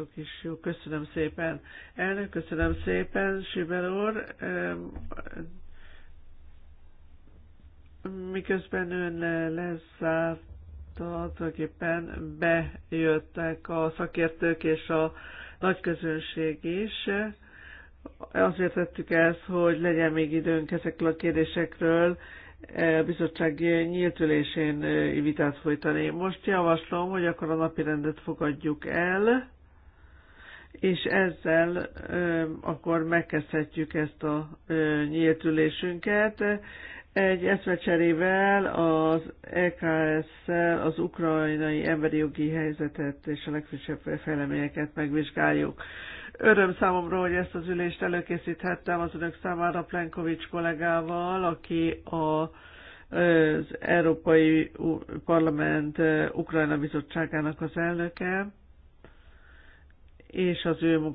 mások is jó. Köszönöm szépen. Elnök, köszönöm szépen, Sibel úr. Miközben ön leszállt, tulajdonképpen bejöttek a szakértők és a nagy közönség is. Azért tettük ezt, hogy legyen még időnk ezekről a kérdésekről e, a bizottság nyílt ülésén e, vitát folytani. Most javaslom, hogy akkor a napi rendet fogadjuk el és ezzel ö, akkor megkezdhetjük ezt a ö, nyíltülésünket. Egy eszmecserével az EKS-szel az ukrajnai emberi jogi helyzetet és a legfrissebb fejleményeket megvizsgáljuk. Öröm számomra, hogy ezt az ülést előkészíthettem az önök számára Plenkovics kollégával, aki a az Európai Parlament Ukrajna Bizottságának az elnöke és az ő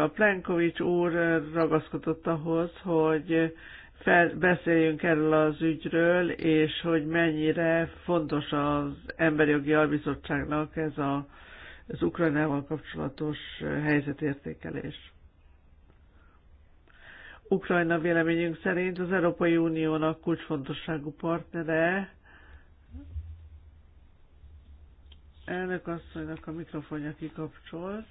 a Plenkovics úr ragaszkodott ahhoz, hogy fel, beszéljünk erről az ügyről, és hogy mennyire fontos az Emberi Jogi Albizottságnak ez a, az Ukrajnával kapcsolatos helyzetértékelés. Ukrajna véleményünk szerint az Európai Uniónak kulcsfontosságú partnere. Elnök asszonynak a mikrofonja kikapcsolt.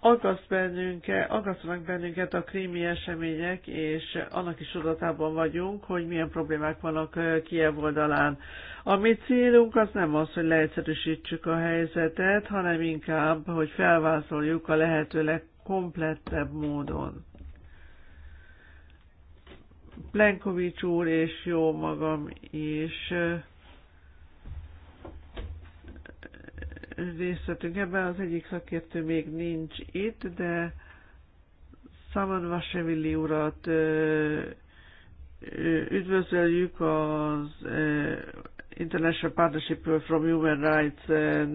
aggaszt bennünket, aggasztanak bennünket a krími események, és annak is tudatában vagyunk, hogy milyen problémák vannak Kiev oldalán. A mi célunk az nem az, hogy leegyszerűsítsük a helyzetet, hanem inkább, hogy felvázoljuk a lehető legkomplettebb módon. Plenkovics úr és jó magam is részletünk. ebben, az egyik szakértő még nincs itt, de Szaman Vasevili urat üdvözöljük az International Partnership from Human Rights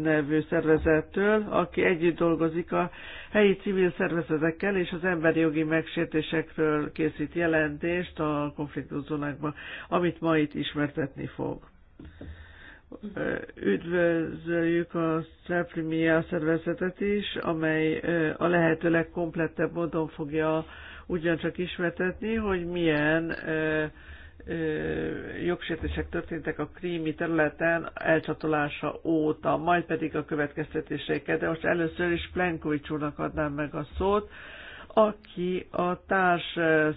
nevű szervezettől, aki együtt dolgozik a helyi civil szervezetekkel, és az emberi jogi megsértésekről készít jelentést a konfliktuszónákban, amit ma itt ismertetni fog. Üdvözöljük a Szelfrimia szervezetet is, amely a lehető legkomplettebb módon fogja ugyancsak ismertetni, hogy milyen jogsértések történtek a krími területen elcsatolása óta, majd pedig a következtetéseiket. De most először is Plenkovics úrnak adnám meg a szót, aki a társ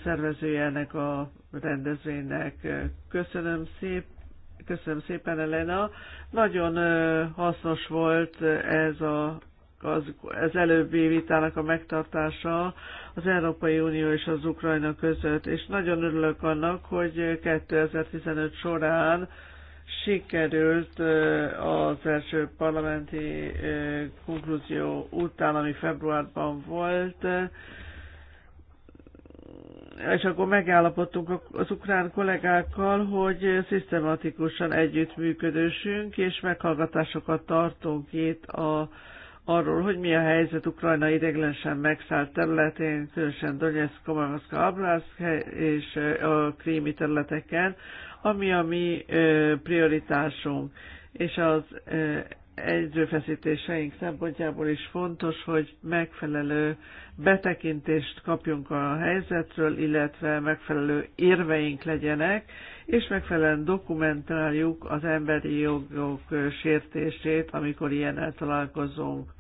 szervezője ennek a rendezvénynek. Köszönöm szépen Köszönöm szépen, Elena. Nagyon hasznos volt ez a az, az előbbi vitának a megtartása az Európai Unió és az Ukrajna között, és nagyon örülök annak, hogy 2015 során sikerült az első parlamenti konklúzió után, ami februárban volt, és akkor megállapodtunk az ukrán kollégákkal, hogy szisztematikusan együttműködősünk, és meghallgatásokat tartunk itt a, arról, hogy mi a helyzet Ukrajna ideglensen megszállt területén, különösen Donetsk, Komaraszka, Ablászk és a krími területeken, ami a mi prioritásunk. És az erőfeszítéseink szempontjából is fontos, hogy megfelelő betekintést kapjunk a helyzetről, illetve megfelelő érveink legyenek, és megfelelően dokumentáljuk az emberi jogok sértését, amikor ilyennel találkozunk.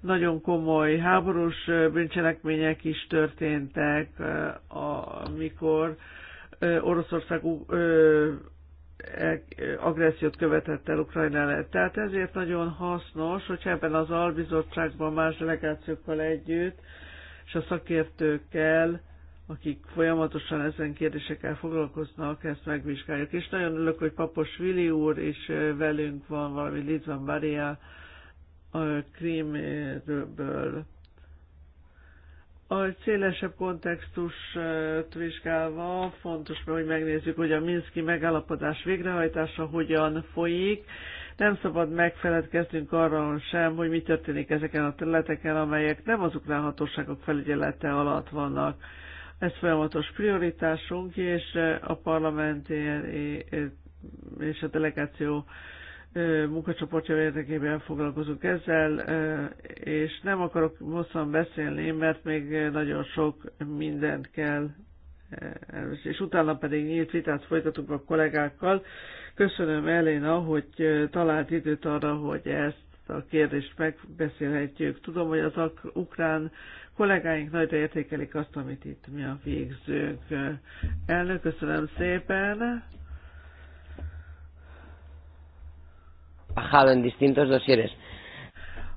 Nagyon komoly háborús bűncselekmények is történtek, eh, amikor eh, Oroszország eh, agressziót követett el Ukrajna ellen. Tehát ezért nagyon hasznos, hogy ebben az albizottságban más delegációkkal együtt, és a szakértőkkel, akik folyamatosan ezen kérdésekkel foglalkoznak, ezt megvizsgáljuk. És nagyon örülök, hogy Papos Vili úr is velünk van, valami Maria a Krímről. A szélesebb kontextust vizsgálva fontos, hogy megnézzük, hogy a Minszki megállapodás végrehajtása hogyan folyik. Nem szabad megfeledkeznünk arra sem, hogy mi történik ezeken a területeken, amelyek nem az ukrán hatóságok felügyelete alatt vannak. Ez folyamatos prioritásunk, és a parlament és a delegáció munkacsoportja érdekében foglalkozunk ezzel, és nem akarok hosszan beszélni, mert még nagyon sok mindent kell és utána pedig nyílt vitát folytatunk a kollégákkal. Köszönöm Eléna, hogy talált időt arra, hogy ezt a kérdést megbeszélhetjük. Tudom, hogy az ukrán kollégáink nagyra értékelik azt, amit itt mi a végzők. Elnök, köszönöm szépen! trabajado en distintos dosieres.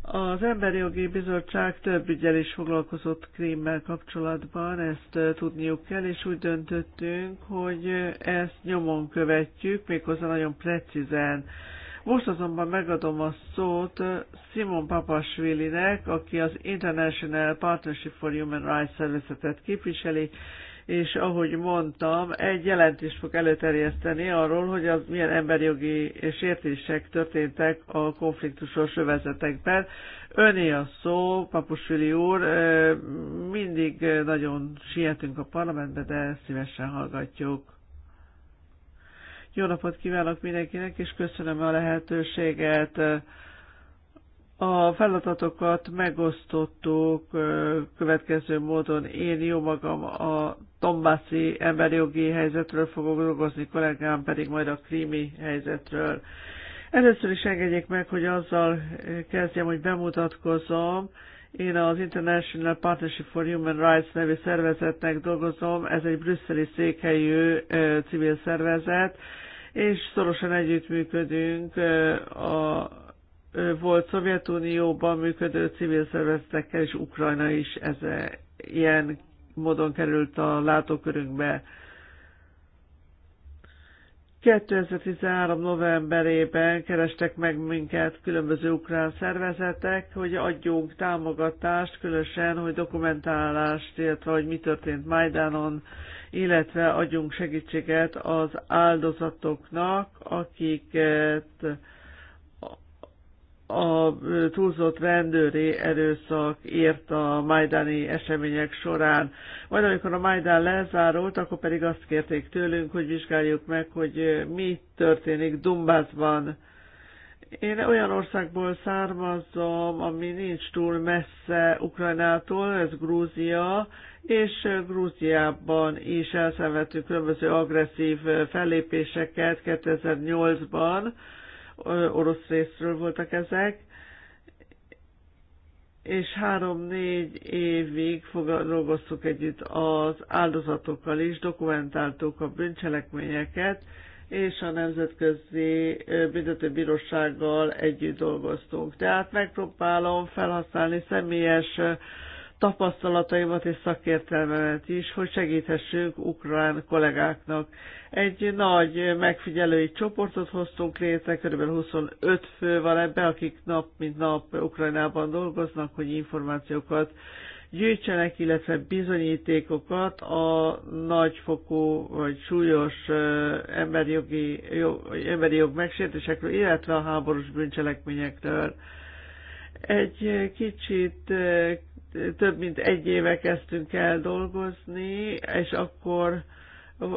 Az Emberi Jogi Bizottság több ügyel is foglalkozott krémmel kapcsolatban, ezt tudniuk kell, és úgy döntöttünk, hogy ezt nyomon követjük, méghozzá nagyon precízen. Most azonban megadom a szót Simon Papasvilinek, aki az International Partnership for Human Rights szervezetet képviseli, és ahogy mondtam, egy jelentést fog előterjeszteni arról, hogy az milyen emberjogi sértések történtek a konfliktusos övezetekben. Öné a szó, Papusüli úr, mindig nagyon sietünk a parlamentbe, de szívesen hallgatjuk. Jó napot kívánok mindenkinek, és köszönöm a lehetőséget. A feladatokat megosztottuk következő módon. Én jó magam a Tombászi emberjogi helyzetről fogok dolgozni, kollégám pedig majd a krími helyzetről. Először is engedjék meg, hogy azzal kezdjem, hogy bemutatkozom. Én az International Partnership for Human Rights nevű szervezetnek dolgozom, ez egy brüsszeli székhelyű civil szervezet, és szorosan együttműködünk a volt Szovjetunióban működő civil szervezetekkel, és Ukrajna is ez ilyen módon került a látókörünkbe. 2013. novemberében kerestek meg minket különböző ukrán szervezetek, hogy adjunk támogatást, különösen, hogy dokumentálást, illetve hogy mi történt Majdánon, illetve adjunk segítséget az áldozatoknak, akiket a túlzott rendőri erőszak írt a majdani események során. Majd amikor a Majdán lezárult, akkor pedig azt kérték tőlünk, hogy vizsgáljuk meg, hogy mi történik Dumbászban. Én olyan országból származom, ami nincs túl messze Ukrajnától, ez Grúzia, és Grúziában is elszenvedtünk különböző agresszív fellépéseket 2008-ban, orosz részről voltak ezek, és három-négy évig dolgoztuk együtt az áldozatokkal is, dokumentáltuk a bűncselekményeket, és a Nemzetközi Büntetőbírósággal együtt dolgoztunk. Tehát megpróbálom felhasználni személyes tapasztalataimat és szakértelmemet is, hogy segíthessünk ukrán kollégáknak. Egy nagy megfigyelői csoportot hoztunk létre, kb. 25 fő van ebbe, akik nap mint nap Ukrajnában dolgoznak, hogy információkat gyűjtsenek, illetve bizonyítékokat a nagyfokú vagy súlyos emberjogi, jog, emberi jog megsértésekről, illetve a háborús bűncselekményekről. Egy kicsit több mint egy éve kezdtünk el dolgozni, és akkor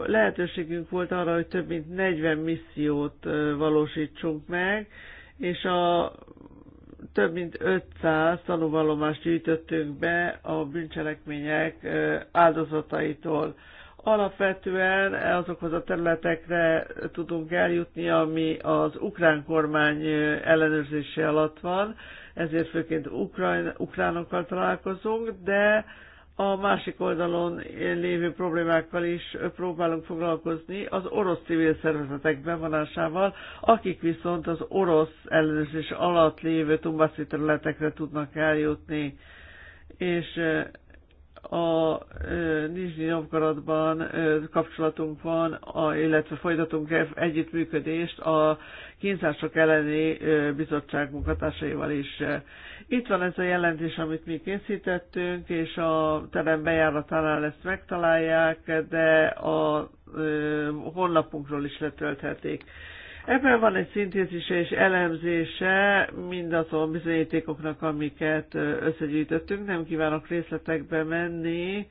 lehetőségünk volt arra, hogy több mint 40 missziót valósítsunk meg, és a több mint 500 tanúvallomást gyűjtöttünk be a bűncselekmények áldozataitól. Alapvetően azokhoz a területekre tudunk eljutni, ami az ukrán kormány ellenőrzése alatt van, ezért főként Ukrajn, ukránokkal találkozunk, de a másik oldalon lévő problémákkal is próbálunk foglalkozni az orosz civil szervezetek bevonásával, akik viszont az orosz ellenőrzés alatt lévő tumbaszi területekre tudnak eljutni. És a Nizsnyi Novgorodban kapcsolatunk van, a, illetve folytatunk együttműködést a kínzások elleni bizottság munkatársaival is. Itt van ez a jelentés, amit mi készítettünk, és a terem bejáratánál ezt megtalálják, de a honlapunkról is letölthetik. Ebben van egy szintézise és elemzése mindazon bizonyítékoknak, amiket összegyűjtöttünk. Nem kívánok részletekbe menni,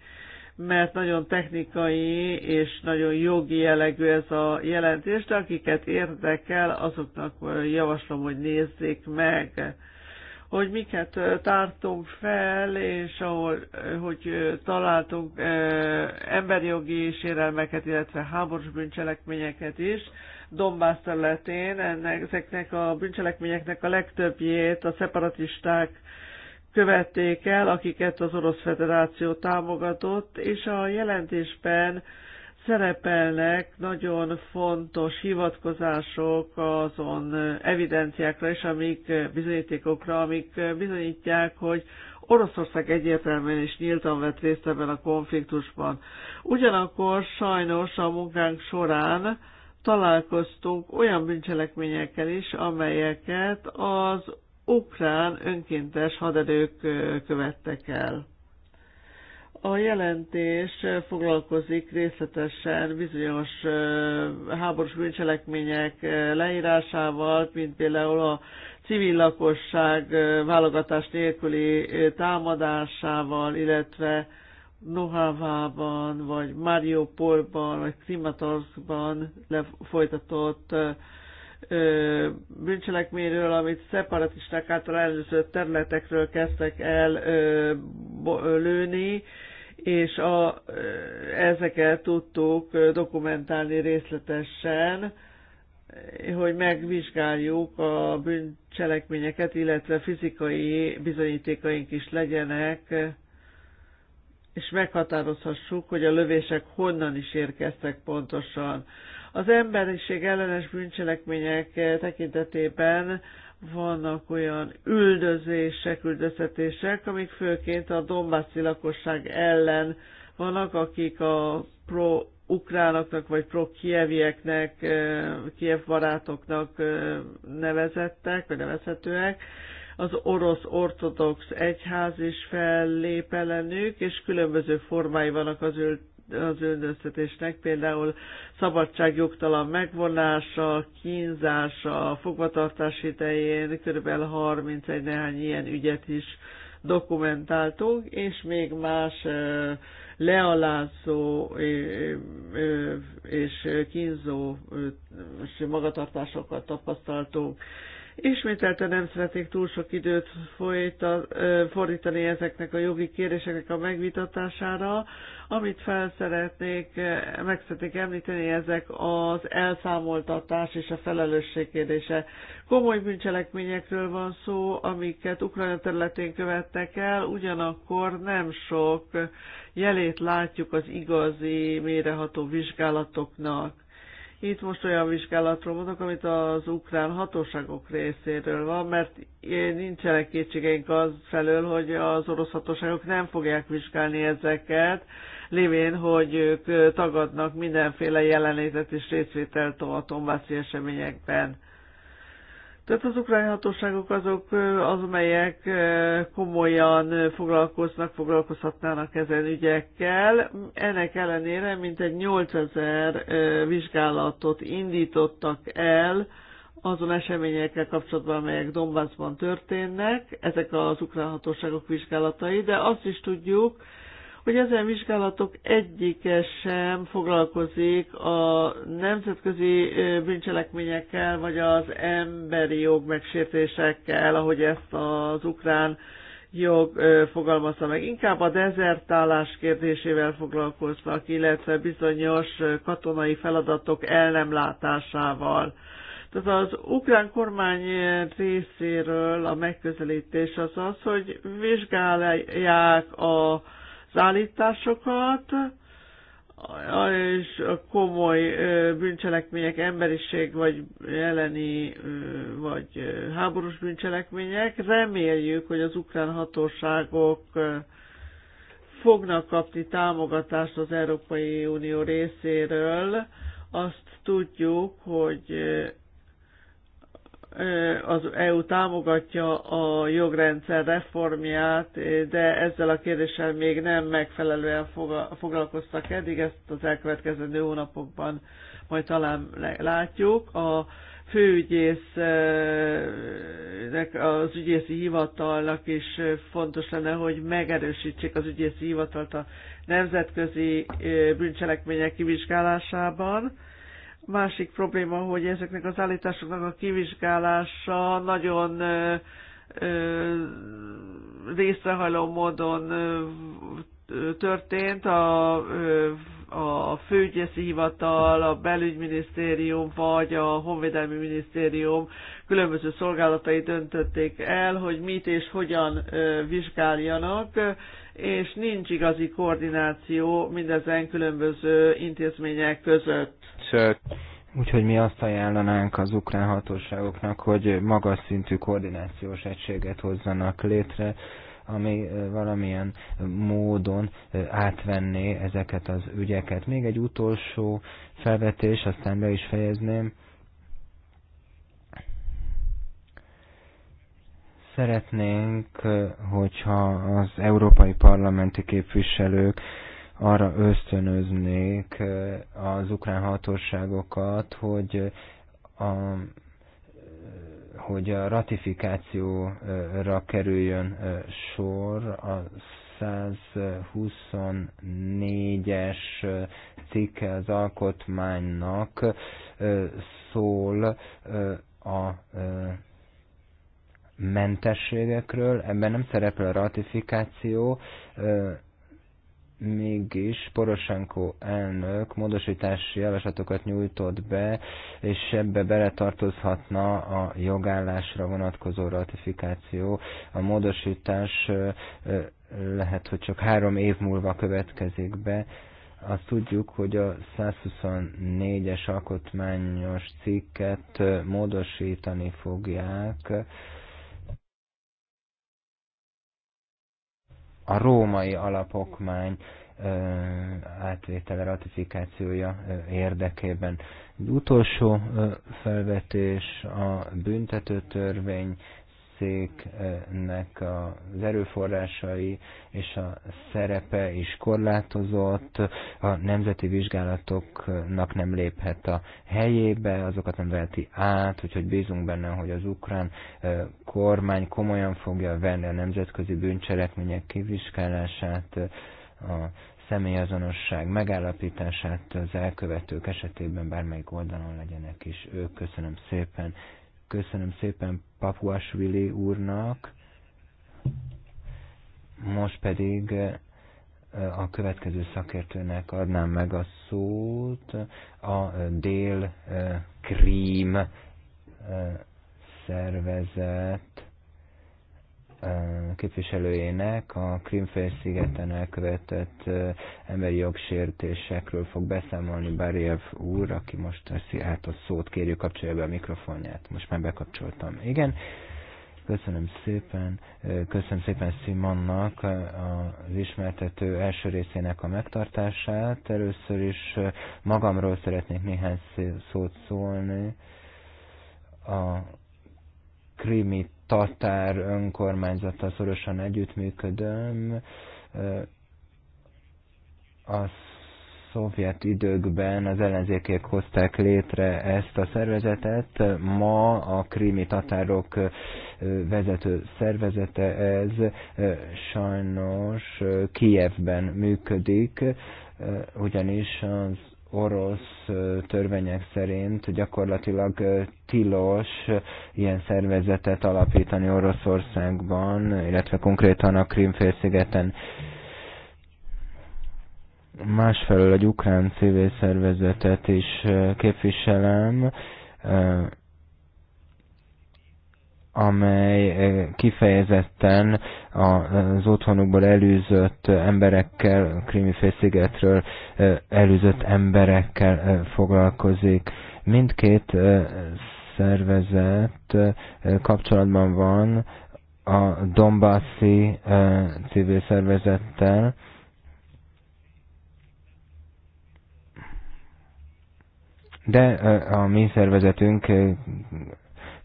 mert nagyon technikai és nagyon jogi jellegű ez a jelentés, de akiket érdekel, azoknak javaslom, hogy nézzék meg hogy miket tártunk fel, és ahol, hogy találtunk emberjogi sérelmeket, illetve háborús bűncselekményeket is, Dombász területén. Ennek, ezeknek a bűncselekményeknek a legtöbbjét a szeparatisták követték el, akiket az Orosz Federáció támogatott, és a jelentésben szerepelnek nagyon fontos hivatkozások azon evidenciákra és amik bizonyítékokra, amik bizonyítják, hogy Oroszország egyértelműen is nyíltan vett részt ebben a konfliktusban. Ugyanakkor sajnos a munkánk során találkoztunk olyan bűncselekményekkel is, amelyeket az ukrán önkéntes haderők követtek el. A jelentés foglalkozik részletesen bizonyos háborús bűncselekmények leírásával, mint például a civil lakosság válogatás nélküli támadásával, illetve Nohavában, vagy Mariupolban, vagy Kramatorskban lefolytatott bűncselekményről, amit szeparatisták által először területekről kezdtek el lőni, és a, ezeket tudtuk dokumentálni részletesen, hogy megvizsgáljuk a bűncselekményeket, illetve fizikai bizonyítékaink is legyenek, és meghatározhassuk, hogy a lövések honnan is érkeztek pontosan. Az emberiség ellenes bűncselekmények tekintetében vannak olyan üldözések, üldöztetések, amik főként a dombászi lakosság ellen vannak, akik a pro ukránoknak vagy pro-kievieknek, eh, kiev barátoknak eh, nevezettek, vagy nevezhetőek, az orosz ortodox egyház is fellép ellenük, és különböző formái vannak az ő az üldöztetésnek, például szabadságjogtalan megvonása, kínzása, fogvatartás idején kb. 31 néhány ilyen ügyet is dokumentáltunk, és még más lealázó és kínzó és magatartásokat tapasztaltunk ismételte nem szeretnék túl sok időt folyta, fordítani ezeknek a jogi kéréseknek a megvitatására. Amit fel szeretnék, meg szeretnék említeni, ezek az elszámoltatás és a felelősség kérdése. Komoly bűncselekményekről van szó, amiket Ukrajna területén követtek el, ugyanakkor nem sok jelét látjuk az igazi méreható vizsgálatoknak itt most olyan vizsgálatról mondok, amit az ukrán hatóságok részéről van, mert nincsenek kétségeink az felől, hogy az orosz hatóságok nem fogják vizsgálni ezeket, lévén, hogy ők tagadnak mindenféle jelenlétet és részvételt a tombászi eseményekben. Tehát az ukrán hatóságok azok, az, amelyek komolyan foglalkoznak, foglalkozhatnának ezen ügyekkel. Ennek ellenére mintegy 8000 vizsgálatot indítottak el azon eseményekkel kapcsolatban, amelyek Donbassban történnek. Ezek az ukrán hatóságok vizsgálatai, de azt is tudjuk, hogy ezen vizsgálatok egyike sem foglalkozik a nemzetközi bűncselekményekkel, vagy az emberi jog megsértésekkel, ahogy ezt az ukrán jog fogalmazza meg. Inkább a dezertálás kérdésével foglalkoznak, illetve bizonyos katonai feladatok el nem látásával. Tehát az ukrán kormány részéről a megközelítés az az, hogy vizsgálják a az állításokat, és a komoly bűncselekmények, emberiség vagy elleni, vagy háborús bűncselekmények. Reméljük, hogy az ukrán hatóságok fognak kapni támogatást az Európai Unió részéről. Azt tudjuk, hogy az EU támogatja a jogrendszer reformját, de ezzel a kérdéssel még nem megfelelően foglalkoztak eddig, ezt az elkövetkező hónapokban majd talán látjuk. A főügyésznek, az ügyészi hivatalnak is fontos lenne, hogy megerősítsék az ügyészi hivatalt a nemzetközi bűncselekmények kivizsgálásában Másik probléma, hogy ezeknek az állításoknak a kivizsgálása nagyon részrehajló módon történt, a, a főgyeszi hivatal, a belügyminisztérium vagy a honvédelmi minisztérium különböző szolgálatai döntötték el, hogy mit és hogyan vizsgáljanak, és nincs igazi koordináció mindezen különböző intézmények között. Sőt. Úgyhogy mi azt ajánlanánk az ukrán hatóságoknak, hogy magas szintű koordinációs egységet hozzanak létre, ami valamilyen módon átvenné ezeket az ügyeket. Még egy utolsó felvetés, aztán be is fejezném. Szeretnénk, hogyha az európai parlamenti képviselők arra ösztönöznék az ukrán hatóságokat, hogy a, hogy a ratifikációra kerüljön sor a 124-es cikke az alkotmánynak szól a mentességekről, ebben nem szerepel a ratifikáció, mégis Poroshenko elnök módosítási javaslatokat nyújtott be, és ebbe beletartozhatna a jogállásra vonatkozó ratifikáció. A módosítás lehet, hogy csak három év múlva következik be. Azt tudjuk, hogy a 124-es alkotmányos cikket módosítani fogják, a római alapokmány átvétele, ratifikációja érdekében. Utolsó felvetés a büntetőtörvény cégnek az erőforrásai és a szerepe is korlátozott, a nemzeti vizsgálatoknak nem léphet a helyébe, azokat nem veheti át, úgyhogy bízunk benne, hogy az ukrán kormány komolyan fogja venni a nemzetközi bűncselekmények kivizsgálását, a személyazonosság megállapítását az elkövetők esetében bármelyik oldalon legyenek is ők. Köszönöm szépen. Köszönöm szépen Papuasvili úrnak. Most pedig eh, a következő szakértőnek adnám meg a szót, a eh, Dél eh, Krím szervezet képviselőjének a szigeten elkövetett emberi jogsértésekről fog beszámolni Bariev úr, aki most teszi át a szót, kérjük kapcsolja be a mikrofonját. Most már bekapcsoltam. Igen, köszönöm szépen, köszönöm szépen Simonnak az ismertető első részének a megtartását. Először is magamról szeretnék néhány szót szólni. A krimi tatár önkormányzata szorosan együttműködöm. A szovjet időkben az ellenzékek hozták létre ezt a szervezetet. Ma a krimi tatárok vezető szervezete ez sajnos Kijevben működik, ugyanis az orosz törvények szerint gyakorlatilag tilos ilyen szervezetet alapítani Oroszországban, illetve konkrétan a Krímfélszigeten. Másfelől egy ukrán civil szervezetet is képviselem, amely eh, kifejezetten az otthonukból előzött emberekkel, Krimifélszigetről előzött eh, emberekkel eh, foglalkozik. Mindkét szervezet kapcsolatban van a Dombászi civil szervezettel, de a mi szervezetünk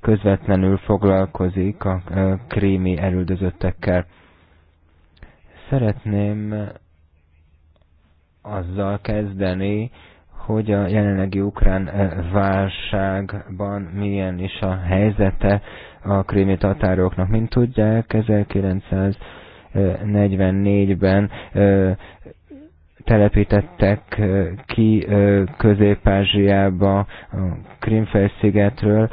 közvetlenül foglalkozik a krími elüldözöttekkel. Szeretném azzal kezdeni, hogy a jelenlegi ukrán eh, válságban milyen is a helyzete a krími tatároknak. Mint tudják, 1944-ben telepítettek ki Közép-Ázsiába, a Krimfelszigetről.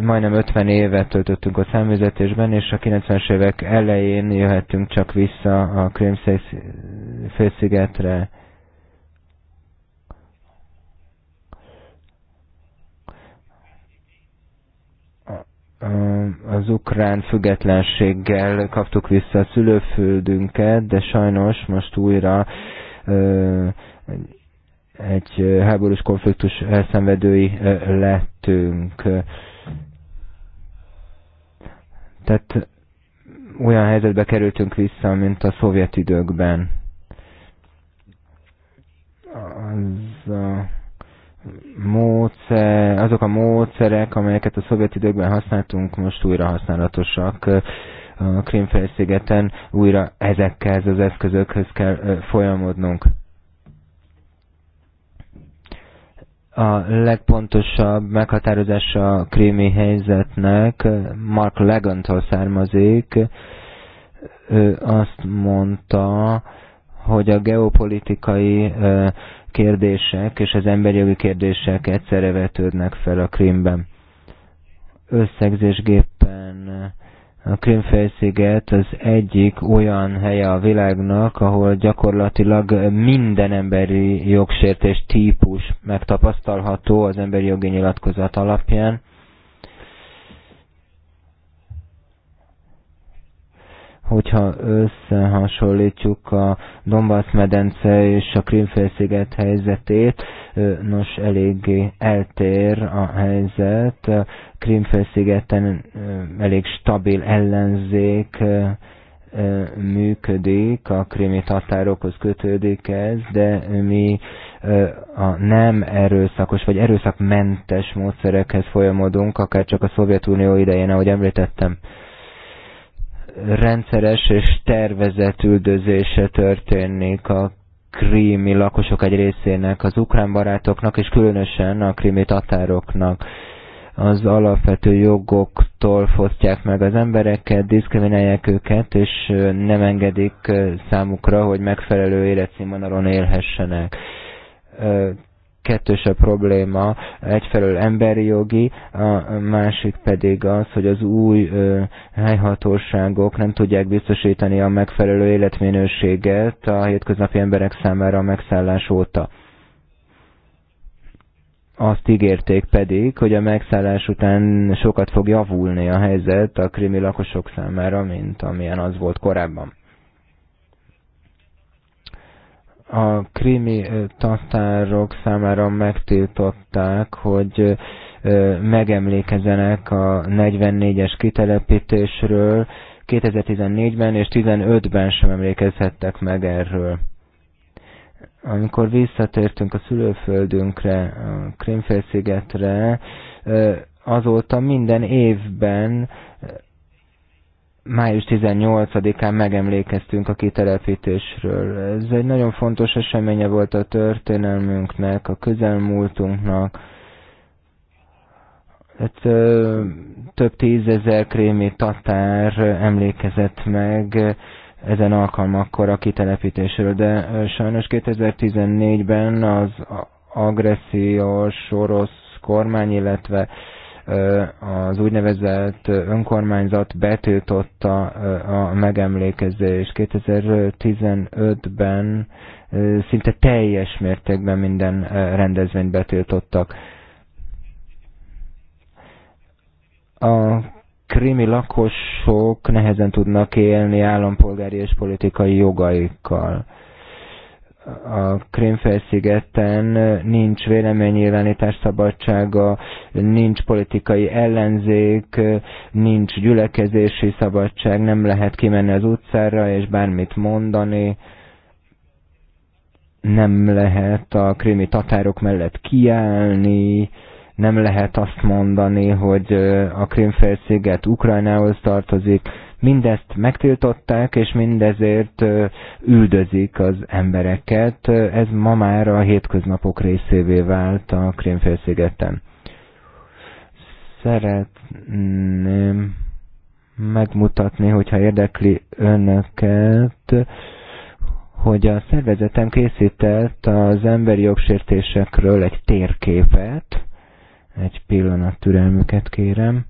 Majdnem 50 évet töltöttünk a számüzetésben, és a 90-es évek elején jöhettünk csak vissza a Krimfélszigetre. az ukrán függetlenséggel kaptuk vissza a szülőföldünket, de sajnos most újra uh, egy háborús konfliktus elszenvedői lettünk. Tehát olyan helyzetbe kerültünk vissza, mint a szovjet időkben. Az a módszer, azok a módszerek, amelyeket a szovjet időkben használtunk, most újra használatosak a Krímfélszigeten újra ezekkel az eszközökhöz kell folyamodnunk. a legpontosabb meghatározása a krími helyzetnek Mark Legantól származik. Ő azt mondta, hogy a geopolitikai kérdések és az emberi jogi kérdések egyszerre vetődnek fel a krímben. Összegzésgéppen a Krimfejsziget az egyik olyan helye a világnak, ahol gyakorlatilag minden emberi jogsértés típus megtapasztalható az emberi jogi nyilatkozat alapján. hogyha összehasonlítjuk a Donbass-medence és a Krimfélsziget helyzetét, nos, eléggé eltér a helyzet. Krimfélszigeten elég stabil ellenzék működik, a krimi tatárokhoz kötődik ez, de mi a nem erőszakos vagy erőszakmentes módszerekhez folyamodunk, akár csak a Szovjetunió idején, ahogy említettem rendszeres és tervezett üldözése történik a krími lakosok egy részének, az ukrán barátoknak, és különösen a krími tatároknak az alapvető jogoktól fosztják meg az embereket, diszkriminálják őket, és nem engedik számukra, hogy megfelelő életszínvonalon élhessenek kettős a probléma, egyfelől emberi jogi, a másik pedig az, hogy az új ö, helyhatóságok nem tudják biztosítani a megfelelő életminőséget a hétköznapi emberek számára a megszállás óta. Azt ígérték pedig, hogy a megszállás után sokat fog javulni a helyzet a krimi lakosok számára, mint amilyen az volt korábban. a krími tatárok számára megtiltották, hogy megemlékezenek a 44-es kitelepítésről, 2014-ben és 15-ben sem emlékezhettek meg erről. Amikor visszatértünk a szülőföldünkre, a Krimfélszigetre, azóta minden évben május 18-án megemlékeztünk a kitelepítésről. Ez egy nagyon fontos eseménye volt a történelmünknek, a közelmúltunknak. Hát, ö, több tízezer krémi tatár emlékezett meg ezen alkalmakkor a kitelepítésről, de sajnos 2014-ben az agressziós orosz kormány, illetve az úgynevezett önkormányzat betiltotta a megemlékezést. 2015-ben szinte teljes mértékben minden rendezvényt betiltottak. A krimi lakosok nehezen tudnak élni állampolgári és politikai jogaikkal a Krémfelszigeten nincs véleménynyilvánítás szabadsága, nincs politikai ellenzék, nincs gyülekezési szabadság, nem lehet kimenni az utcára és bármit mondani, nem lehet a krémi tatárok mellett kiállni, nem lehet azt mondani, hogy a Krémfelsziget Ukrajnához tartozik, Mindezt megtiltották, és mindezért üldözik az embereket. Ez ma már a hétköznapok részévé vált a Krémfélszigeten. Szeretném megmutatni, hogyha érdekli önöket, hogy a szervezetem készített az emberi jogsértésekről egy térképet, egy pillanat türelmüket kérem.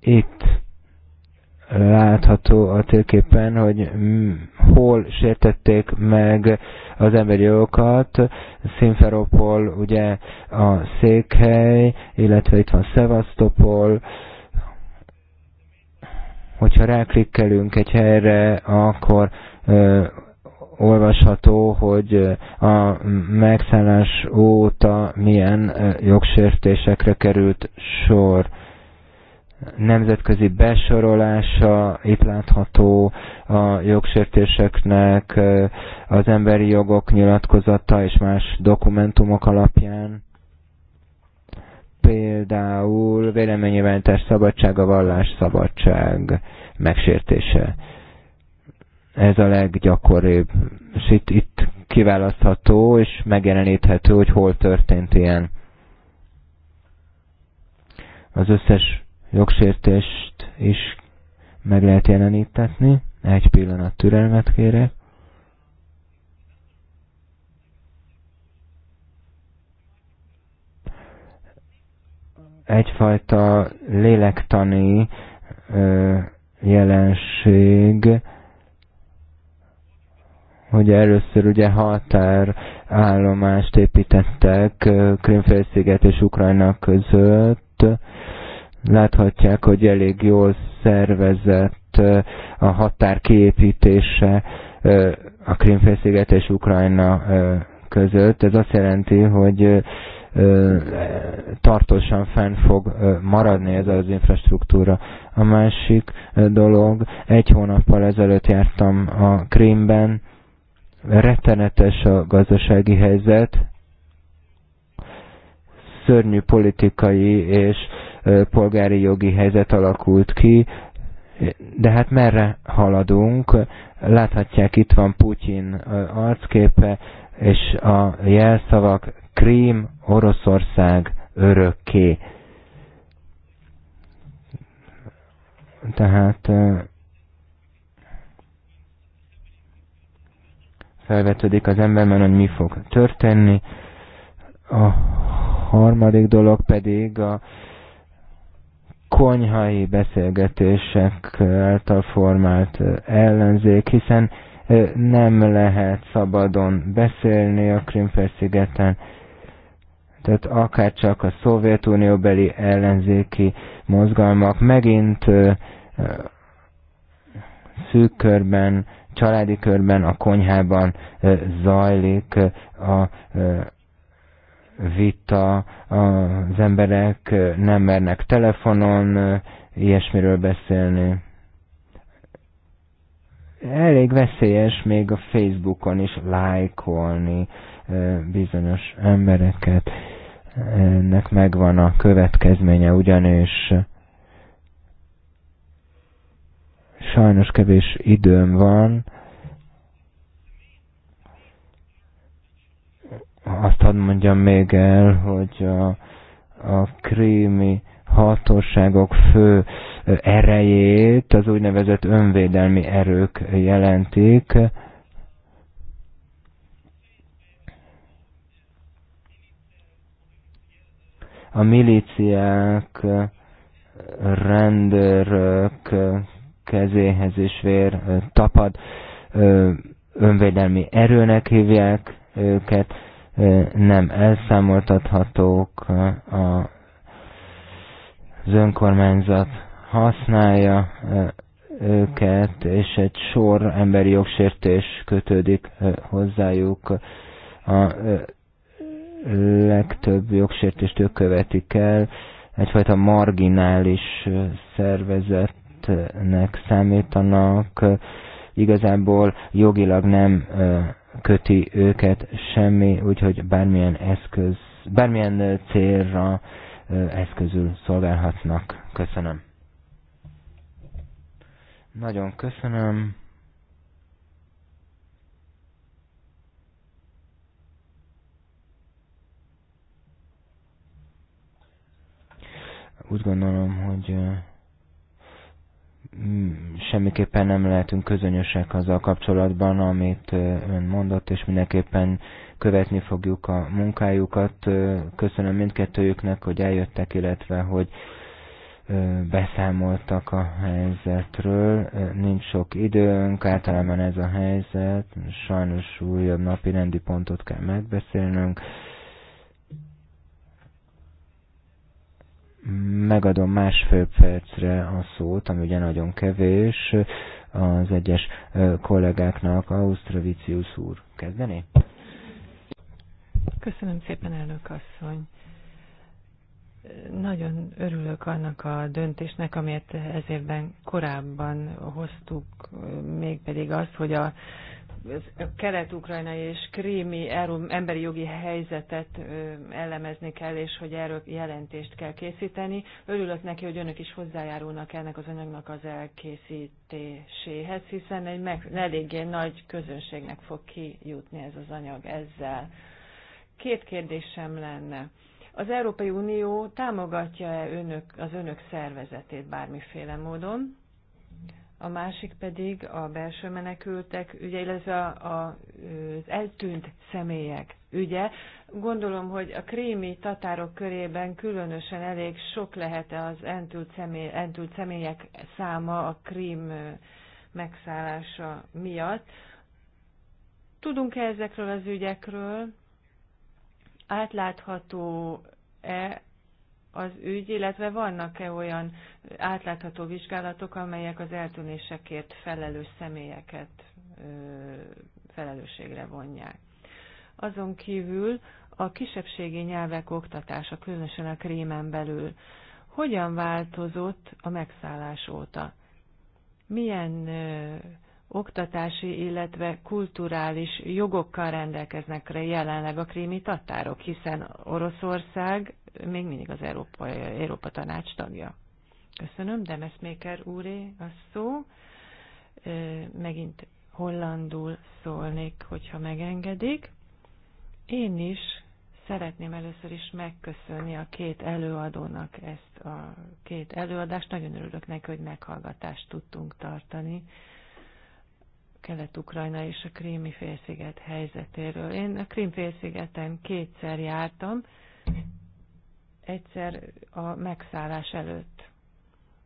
Itt látható a térképen, hogy hol sértették meg az emberi jogokat. Szimferopol ugye a székhely, illetve itt van Szevasztopol. Hogyha ráklikkelünk egy helyre, akkor ö, olvasható, hogy a megszállás óta milyen jogsértésekre került sor nemzetközi besorolása itt látható a jogsértéseknek, az emberi jogok nyilatkozata és más dokumentumok alapján. Például véleményjelentés szabadsága, vallás szabadság megsértése. Ez a leggyakoribb. És itt, itt kiválasztható és megjeleníthető, hogy hol történt ilyen. Az összes jogsértést is meg lehet jelenítetni. Egy pillanat türelmet kérek. Egyfajta lélektani ö, jelenség, hogy először ugye határállomást építettek Krimfélsziget és Ukrajna között, Láthatják, hogy elég jól szervezett a határ kiépítése a Krimfélsziget és Ukrajna között. Ez azt jelenti, hogy tartósan fenn fog maradni ez az infrastruktúra. A másik dolog, egy hónappal ezelőtt jártam a krimben. rettenetes a gazdasági helyzet, szörnyű politikai és polgári jogi helyzet alakult ki, de hát merre haladunk? Láthatják, itt van Putyin arcképe, és a jelszavak Krím, Oroszország örökké. Tehát felvetődik az emberben, hogy mi fog történni. A harmadik dolog pedig a konyhai beszélgetések által formált ellenzék, hiszen nem lehet szabadon beszélni a Krimfelszigeten, tehát akár csak a Szovjetunióbeli ellenzéki mozgalmak megint szűk körben, családi körben, a konyhában zajlik a vita, az emberek nem mernek telefonon ilyesmiről beszélni. Elég veszélyes még a Facebookon is lájkolni bizonyos embereket. Ennek megvan a következménye ugyanis sajnos kevés időm van, Azt hadd mondjam még el, hogy a, a krími hatóságok fő erejét az úgynevezett önvédelmi erők jelentik. A milíciák, rendőrök kezéhez és vér tapad, önvédelmi erőnek hívják őket nem elszámoltathatók, a, az önkormányzat használja őket, és egy sor emberi jogsértés kötődik hozzájuk. A legtöbb jogsértést ők követik el, egyfajta marginális szervezetnek számítanak, igazából jogilag nem köti őket semmi, úgyhogy bármilyen eszköz, bármilyen célra eszközül szolgálhatnak. Köszönöm. Nagyon köszönöm. Úgy gondolom, hogy Mm, semmiképpen nem lehetünk közönösek azzal kapcsolatban, amit ön mondott, és mindenképpen követni fogjuk a munkájukat. Köszönöm mindkettőjüknek, hogy eljöttek, illetve hogy beszámoltak a helyzetről. Nincs sok időnk, általában ez a helyzet, sajnos újabb napi rendi pontot kell megbeszélnünk. megadom másfél percre a szót, ami ugye nagyon kevés, az egyes kollégáknak, Ausztravicius úr. Kezdeni? Köszönöm szépen, elnök asszony. Nagyon örülök annak a döntésnek, amelyet ez évben korábban hoztuk, mégpedig azt, hogy a kelet-ukrajnai és krími emberi jogi helyzetet elemezni kell, és hogy erről jelentést kell készíteni. Örülök neki, hogy önök is hozzájárulnak ennek az anyagnak az elkészítéséhez, hiszen egy meg, eléggé nagy közönségnek fog kijutni ez az anyag ezzel. Két kérdésem lenne. Az Európai Unió támogatja-e önök, az önök szervezetét bármiféle módon? a másik pedig a belső menekültek ugye, illetve az eltűnt személyek ügye. Gondolom, hogy a krími tatárok körében különösen elég sok lehet az eltűnt, személy, eltűnt személyek száma a krím megszállása miatt. Tudunk-e ezekről az ügyekről? Átlátható-e az ügy, illetve vannak-e olyan átlátható vizsgálatok, amelyek az eltűnésekért felelős személyeket felelősségre vonják. Azon kívül a kisebbségi nyelvek oktatása, különösen a krémen belül, hogyan változott a megszállás óta? Milyen ö, oktatási, illetve kulturális jogokkal rendelkeznek jelenleg a krími tatárok, hiszen Oroszország még mindig az Európa, Európa Tanács tagja. Köszönöm, Demesmaker úré a szó. Megint hollandul szólnék, hogyha megengedik. Én is szeretném először is megköszönni a két előadónak ezt a két előadást. Nagyon örülök neki, hogy meghallgatást tudtunk tartani. Kelet-Ukrajna és a Krími félsziget helyzetéről. Én a Krím félszigeten kétszer jártam, egyszer a megszállás előtt.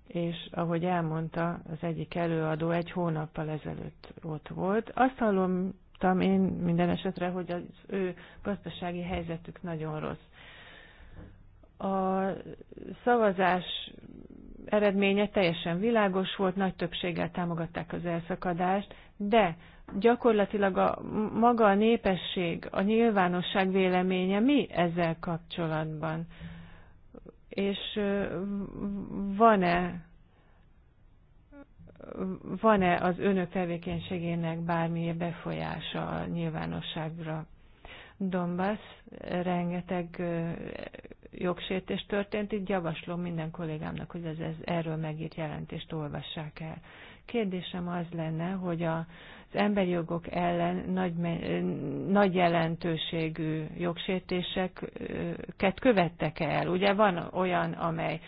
És ahogy elmondta az egyik előadó, egy hónappal ezelőtt ott volt. Azt hallottam én minden esetre, hogy az ő gazdasági helyzetük nagyon rossz. A szavazás eredménye teljesen világos volt, nagy többséggel támogatták az elszakadást, de gyakorlatilag a, maga a népesség, a nyilvánosság véleménye mi ezzel kapcsolatban? és van-e van-e az önök tevékenységének bármilyen befolyása a nyilvánosságra? Donbass, rengeteg jogsértés történt, itt javaslom minden kollégámnak, hogy ez, ez erről megírt jelentést olvassák el. Kérdésem az lenne, hogy az emberi jogok ellen nagy, nagy jelentőségű jogsértéseket követtek el. Ugye van olyan, amely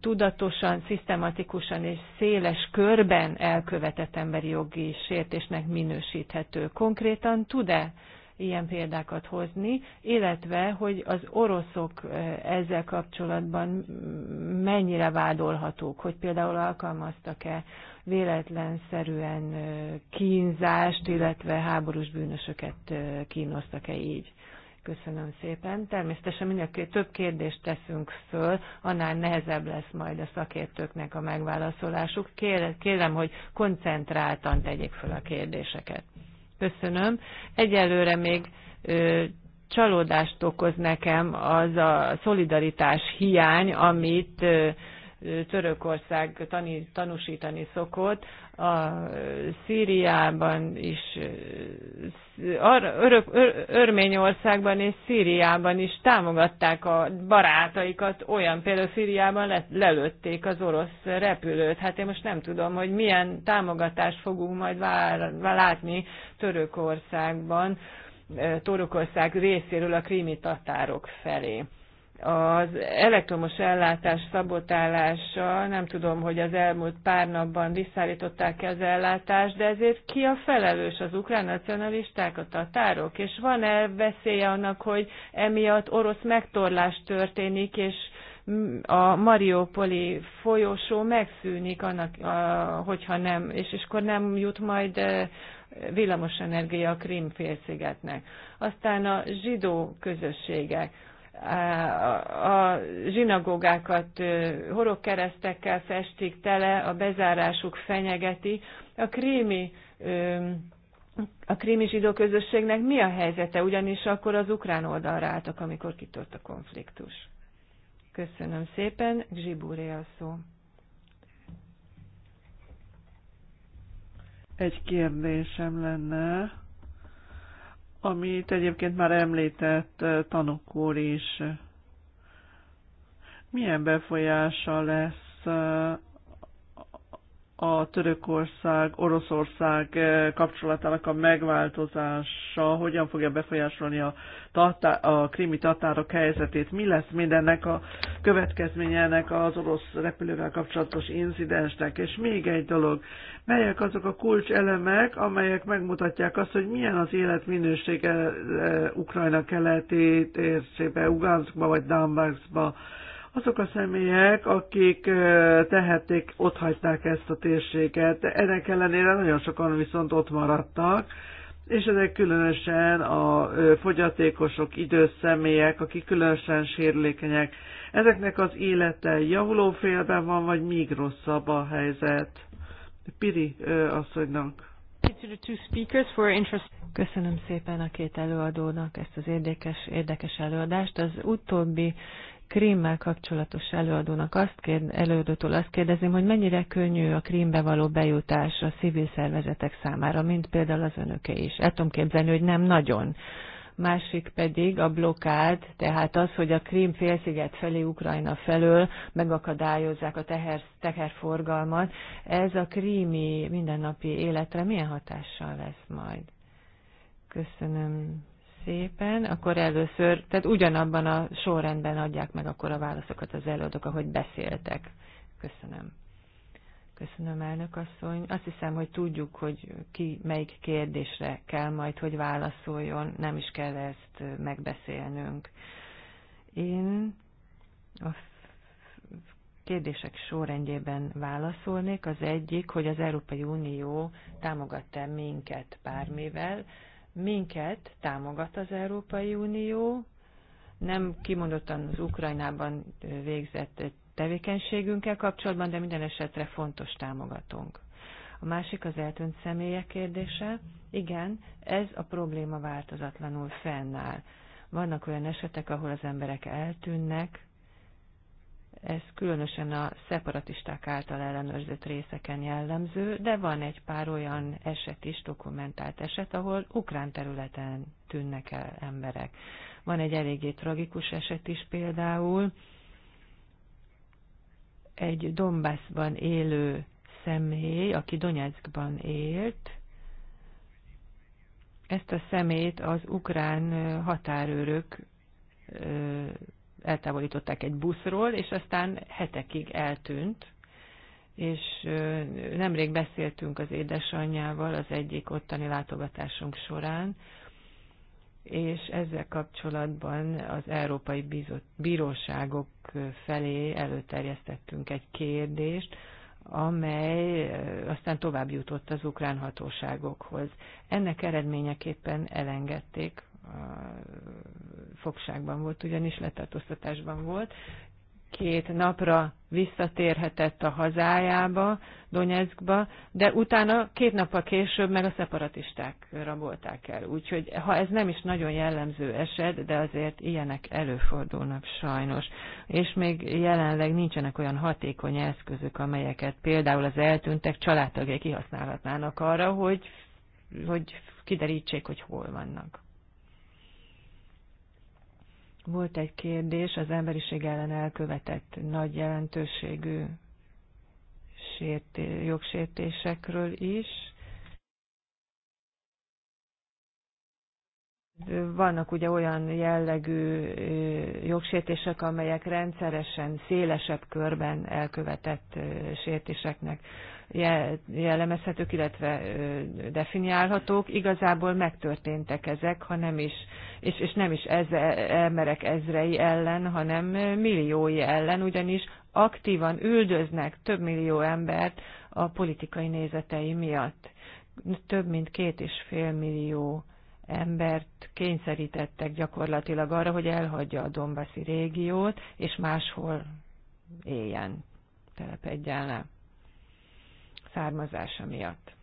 tudatosan, szisztematikusan és széles körben elkövetett emberi jogi sértésnek minősíthető. Konkrétan tud-e ilyen példákat hozni, illetve hogy az oroszok ezzel kapcsolatban mennyire vádolhatók, hogy például alkalmaztak-e véletlenszerűen kínzást, illetve háborús bűnösöket kínoztak-e így. Köszönöm szépen. Természetesen minél több kérdést teszünk föl, annál nehezebb lesz majd a szakértőknek a megválaszolásuk. Kérem, hogy koncentráltan tegyék föl a kérdéseket. Köszönöm. Egyelőre még csalódást okoz nekem az a szolidaritás hiány, amit Törökország taní, tanúsítani szokott. A Szíriában is, örök, ör, Örményországban és Szíriában is támogatták a barátaikat, olyan például Szíriában le, lelőtték az orosz repülőt. Hát én most nem tudom, hogy milyen támogatást fogunk majd vár, látni Törökországban, Törökország részéről a krími tatárok felé az elektromos ellátás szabotálása, nem tudom, hogy az elmúlt pár napban visszaállították-e az ellátást, de ezért ki a felelős? Az ukrán nacionalisták, a tatárok? És van-e veszélye annak, hogy emiatt orosz megtorlás történik, és a Mariupoli folyosó megszűnik, annak, hogyha nem, és, és akkor nem jut majd eh, villamosenergia a Krim félszigetnek. Aztán a zsidó közösségek a zsinagógákat horogkeresztekkel festik tele, a bezárásuk fenyegeti. A krími a krími zsidó közösségnek mi a helyzete, ugyanis akkor az ukrán oldalra álltak, amikor kitört a konfliktus. Köszönöm szépen, Zsibúré a szó. Egy kérdésem lenne amit egyébként már említett eh, tanúk úr is. Milyen befolyása lesz eh, a Törökország, Oroszország eh, kapcsolatának a megváltozása hogyan fogja befolyásolni a, tatá- a krimi tatárok helyzetét, mi lesz mindennek a következménye ennek az orosz repülővel kapcsolatos incidensnek. És még egy dolog, melyek azok a kulcselemek, amelyek megmutatják azt, hogy milyen az életminősége eh, Ukrajna keleti térségbe, Ugánszkba vagy Donbassba azok a személyek, akik tehették, ott hagyták ezt a térséget. Ennek ellenére nagyon sokan viszont ott maradtak, és ezek különösen a fogyatékosok, idős személyek, akik különösen sérülékenyek. Ezeknek az élete javuló félben van, vagy még rosszabb a helyzet? Piri asszonynak. Köszönöm szépen a két előadónak ezt az érdekes, érdekes előadást. Az utóbbi Krímmel kapcsolatos előadónak azt kérd, előadótól azt kérdezném, hogy mennyire könnyű a Krímbe való bejutás a civil szervezetek számára, mint például az önöke is. El tudom képzelni, hogy nem nagyon. Másik pedig a blokád, tehát az, hogy a Krím félsziget felé Ukrajna felől megakadályozzák a teher, teherforgalmat, ez a krími mindennapi életre milyen hatással lesz majd? Köszönöm szépen. Akkor először, tehát ugyanabban a sorrendben adják meg akkor a válaszokat az előadók, ahogy beszéltek. Köszönöm. Köszönöm, elnök asszony. Azt hiszem, hogy tudjuk, hogy ki melyik kérdésre kell majd, hogy válaszoljon, nem is kell ezt megbeszélnünk. Én a kérdések sorrendjében válaszolnék. Az egyik, hogy az Európai Unió támogatta minket pár minket támogat az Európai Unió, nem kimondottan az Ukrajnában végzett tevékenységünkkel kapcsolatban, de minden esetre fontos támogatónk. A másik az eltűnt személyek kérdése. Igen, ez a probléma változatlanul fennáll. Vannak olyan esetek, ahol az emberek eltűnnek, ez különösen a szeparatisták által ellenőrzött részeken jellemző, de van egy pár olyan eset is, dokumentált eset, ahol ukrán területen tűnnek el emberek. Van egy eléggé tragikus eset is például, egy Dombászban élő személy, aki Donetskban élt, ezt a szemét az ukrán határőrök eltávolították egy buszról, és aztán hetekig eltűnt, és nemrég beszéltünk az édesanyjával az egyik ottani látogatásunk során, és ezzel kapcsolatban az Európai Bíróságok felé előterjesztettünk egy kérdést, amely aztán tovább jutott az ukrán hatóságokhoz. Ennek eredményeképpen elengedték fogságban volt, ugyanis letartóztatásban volt. Két napra visszatérhetett a hazájába, Donetskba, de utána két nappal később meg a szeparatisták rabolták el. Úgyhogy ha ez nem is nagyon jellemző eset, de azért ilyenek előfordulnak sajnos. És még jelenleg nincsenek olyan hatékony eszközök, amelyeket például az eltűntek családtagjai kihasználhatnának arra, hogy, hogy kiderítsék, hogy hol vannak. Volt egy kérdés az emberiség ellen elkövetett nagy jelentőségű sérté, jogsértésekről is. Vannak ugye olyan jellegű jogsértések, amelyek rendszeresen, szélesebb körben elkövetett sértéseknek jellemezhetők, illetve definiálhatók. Igazából megtörténtek ezek, ha nem is, és, és nem is ez, emberek ezrei ellen, hanem milliói ellen, ugyanis aktívan üldöznek több millió embert a politikai nézetei miatt. Több mint két és fél millió embert kényszerítettek gyakorlatilag arra, hogy elhagyja a Dombaszi régiót, és máshol éljen, telepedjen le származása miatt.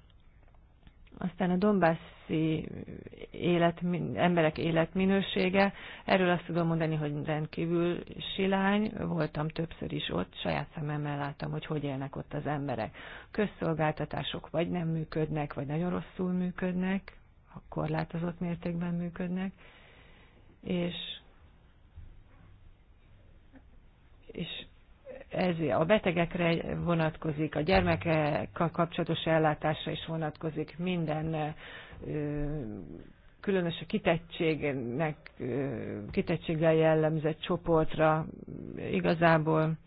Aztán a Dombászi élet, emberek életminősége, erről azt tudom mondani, hogy rendkívül silány, voltam többször is ott, saját szememmel láttam, hogy hogy élnek ott az emberek. Közszolgáltatások vagy nem működnek, vagy nagyon rosszul működnek, korlátozott mértékben működnek, és, és ez a betegekre vonatkozik, a gyermekekkel kapcsolatos ellátásra is vonatkozik, minden különös a kitettségnek, kitettséggel jellemzett csoportra igazából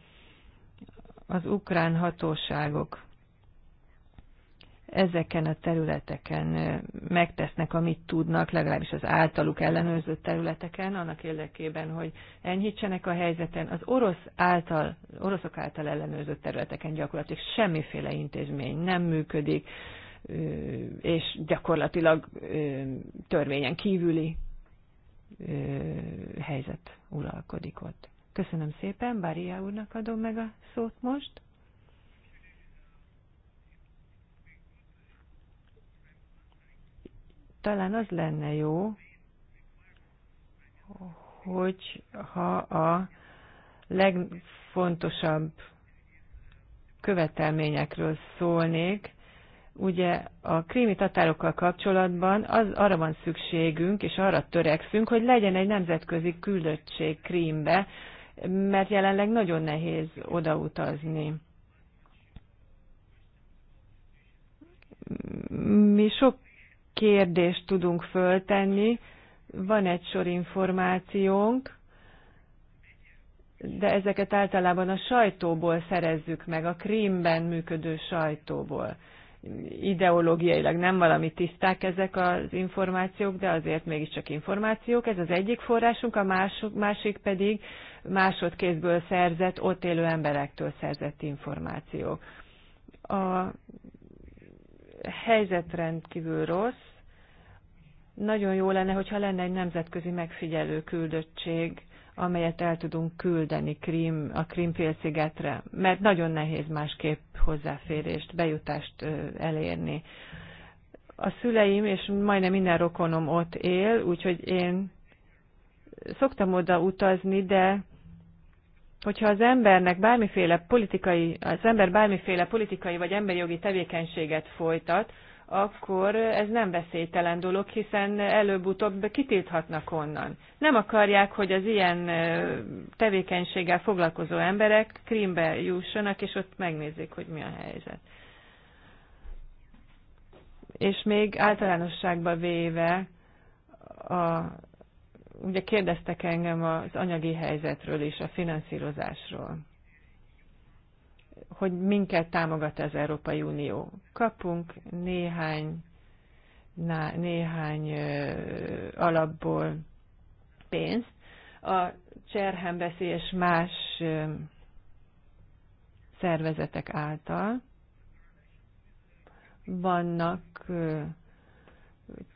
az ukrán hatóságok ezeken a területeken megtesznek, amit tudnak, legalábbis az általuk ellenőrzött területeken, annak érdekében, hogy enyhítsenek a helyzeten. Az orosz által, oroszok által ellenőrzött területeken gyakorlatilag semmiféle intézmény nem működik, és gyakorlatilag törvényen kívüli helyzet uralkodik ott. Köszönöm szépen, Bária úrnak adom meg a szót most. talán az lenne jó, hogy ha a legfontosabb követelményekről szólnék, ugye a krími tatárokkal kapcsolatban az, arra van szükségünk, és arra törekszünk, hogy legyen egy nemzetközi küldöttség krímbe, mert jelenleg nagyon nehéz odautazni. Mi sok kérdést tudunk föltenni, van egy sor információnk, de ezeket általában a sajtóból szerezzük meg, a krímben működő sajtóból. Ideológiailag nem valami tiszták ezek az információk, de azért mégiscsak információk. Ez az egyik forrásunk, a másik, másik pedig másodkézből szerzett, ott élő emberektől szerzett információk. A helyzet rendkívül rossz. Nagyon jó lenne, hogyha lenne egy nemzetközi megfigyelő küldöttség, amelyet el tudunk küldeni krim a Krím félszigetre, mert nagyon nehéz másképp hozzáférést, bejutást elérni. A szüleim és majdnem minden rokonom ott él, úgyhogy én szoktam oda utazni, de hogyha az embernek bármiféle politikai, az ember bármiféle politikai vagy emberi jogi tevékenységet folytat, akkor ez nem veszélytelen dolog, hiszen előbb-utóbb kitilthatnak onnan. Nem akarják, hogy az ilyen tevékenységgel foglalkozó emberek krímbe jussanak, és ott megnézzék, hogy mi a helyzet. És még általánosságba véve a ugye kérdeztek engem az anyagi helyzetről és a finanszírozásról, hogy minket támogat az Európai Unió. Kapunk néhány, néhány alapból pénzt, a cserhembeszi és más szervezetek által vannak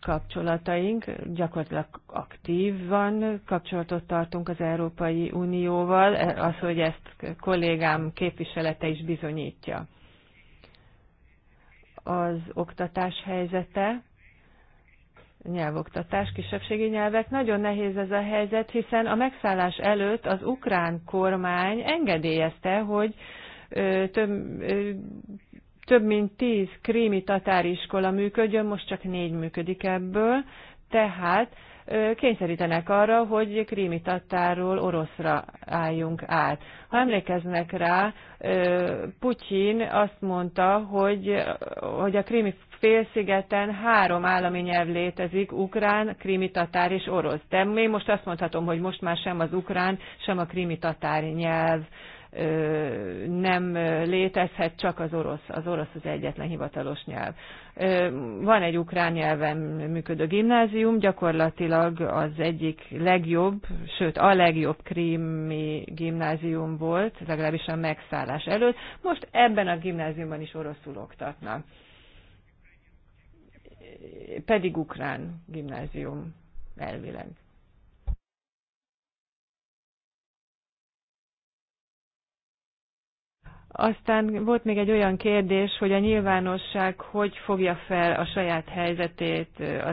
kapcsolataink, gyakorlatilag aktívan kapcsolatot tartunk az Európai Unióval, az, hogy ezt kollégám képviselete is bizonyítja. Az oktatás helyzete, nyelvoktatás, kisebbségi nyelvek, nagyon nehéz ez a helyzet, hiszen a megszállás előtt az ukrán kormány engedélyezte, hogy több több mint tíz krími tatáriskola működjön, most csak négy működik ebből, tehát kényszerítenek arra, hogy krími tattáról oroszra álljunk át. Ha emlékeznek rá, Putyin azt mondta, hogy, hogy a krími félszigeten három állami nyelv létezik, ukrán, krími tatár és orosz. De én most azt mondhatom, hogy most már sem az ukrán, sem a krími tatári nyelv nem létezhet, csak az orosz. Az orosz az egyetlen hivatalos nyelv. Van egy ukrán nyelven működő gimnázium, gyakorlatilag az egyik legjobb, sőt a legjobb krími gimnázium volt, legalábbis a megszállás előtt. Most ebben a gimnáziumban is oroszul oktatnak. Pedig ukrán gimnázium elvileg. Aztán volt még egy olyan kérdés, hogy a nyilvánosság hogy fogja fel a saját helyzetét a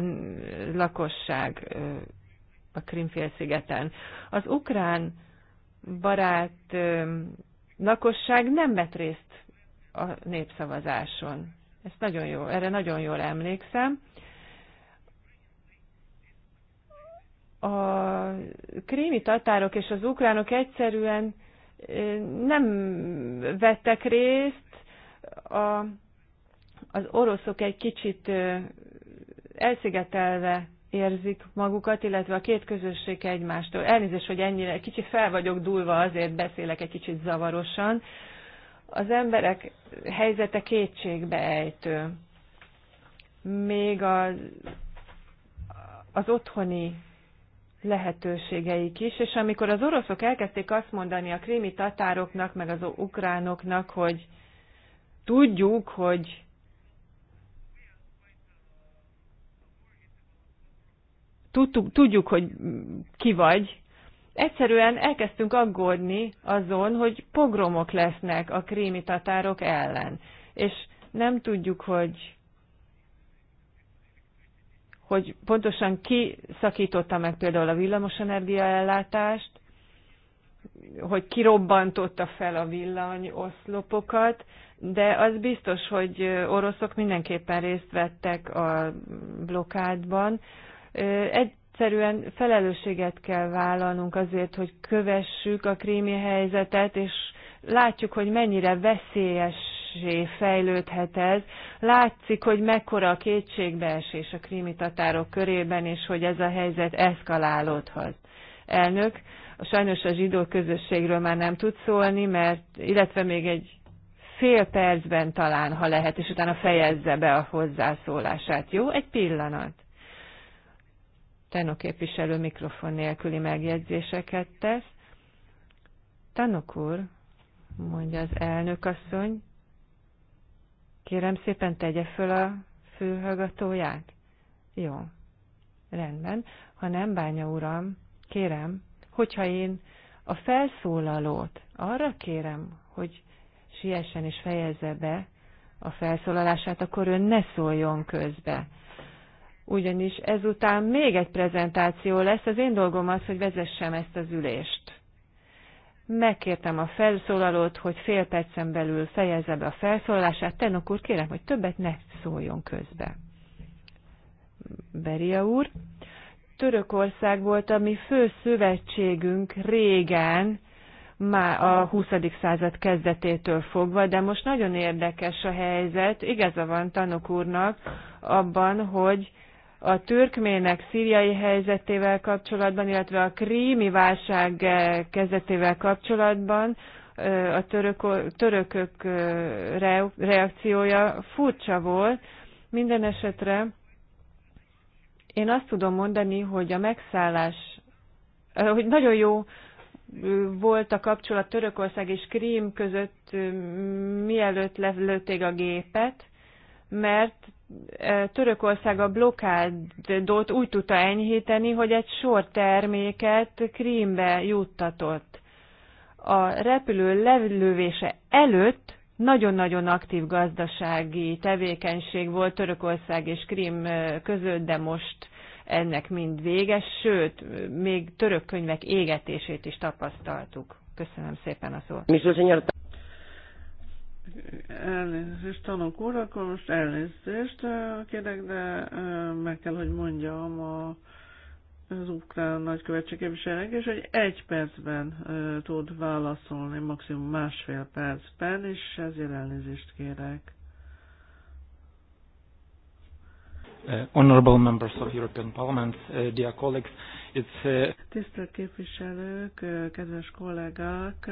lakosság a Krimfélszigeten. Az ukrán barát lakosság nem vett részt a népszavazáson. Ezt nagyon jó, erre nagyon jól emlékszem. A krími tatárok és az ukránok egyszerűen nem vettek részt, a, az oroszok egy kicsit elszigetelve érzik magukat, illetve a két közösség egymástól. Elnézést, hogy ennyire kicsit fel vagyok dúlva, azért beszélek egy kicsit zavarosan. Az emberek helyzete ejtő. Még az, az otthoni lehetőségeik is, és amikor az oroszok elkezdték azt mondani a krími tatároknak, meg az ukránoknak, hogy tudjuk, hogy tudtuk, tudjuk, hogy ki vagy, egyszerűen elkezdtünk aggódni azon, hogy pogromok lesznek a krími tatárok ellen. És nem tudjuk, hogy hogy pontosan ki szakította meg például a villamosenergia ellátást, hogy kirobbantotta fel a villany oszlopokat, de az biztos, hogy oroszok mindenképpen részt vettek a blokádban. Egyszerűen felelősséget kell vállalnunk azért, hogy kövessük a krími helyzetet, és látjuk, hogy mennyire veszélyes fejlődhet ez. Látszik, hogy mekkora a kétségbeesés a krími tatárok körében, és hogy ez a helyzet eszkalálódhat. Elnök, sajnos a zsidó közösségről már nem tud szólni, mert illetve még egy fél percben talán, ha lehet, és utána fejezze be a hozzászólását. Jó? Egy pillanat. Tenok képviselő mikrofon nélküli megjegyzéseket tesz. Tanok úr, mondja az elnök asszony, Kérem szépen tegye föl a fülhallgatóját. Jó, rendben. Ha nem bánya uram, kérem, hogyha én a felszólalót arra kérem, hogy siessen és fejezze be a felszólalását, akkor ön ne szóljon közbe. Ugyanis ezután még egy prezentáció lesz, az én dolgom az, hogy vezessem ezt az ülést. Megkértem a felszólalót, hogy fél percen belül fejezze be a felszólalását. Tenok úr, kérem, hogy többet ne szóljon közbe. Beria úr. Törökország volt a mi fő szövetségünk régen, már a 20. század kezdetétől fogva, de most nagyon érdekes a helyzet, igaza van tanok úrnak abban, hogy a türkmének szíriai helyzetével kapcsolatban, illetve a krími válság eh, kezdetével kapcsolatban eh, a török, törökök eh, reakciója furcsa volt. Minden esetre én azt tudom mondani, hogy a megszállás, hogy nagyon jó volt a kapcsolat Törökország és Krím között, mielőtt lelőtték a gépet, mert e, Törökország a blokkádot úgy tudta enyhíteni, hogy egy sor terméket Krímbe juttatott. A repülő lelövése előtt nagyon-nagyon aktív gazdasági tevékenység volt Törökország és Krím e, között, de most ennek mind véges, sőt, még török könyvek égetését is tapasztaltuk. Köszönöm szépen a szót. Elnézést, tanok úr, akkor most elnézést kérek, de meg kell, hogy mondjam a, az ukrán nagykövetség képviselőnek, és hogy egy percben tud válaszolni, maximum másfél percben, és ezért elnézést kérek. Uh, honorable members of European Parliament, uh, dear colleagues, it's... Uh... Tisztelt képviselők, kedves kollégák,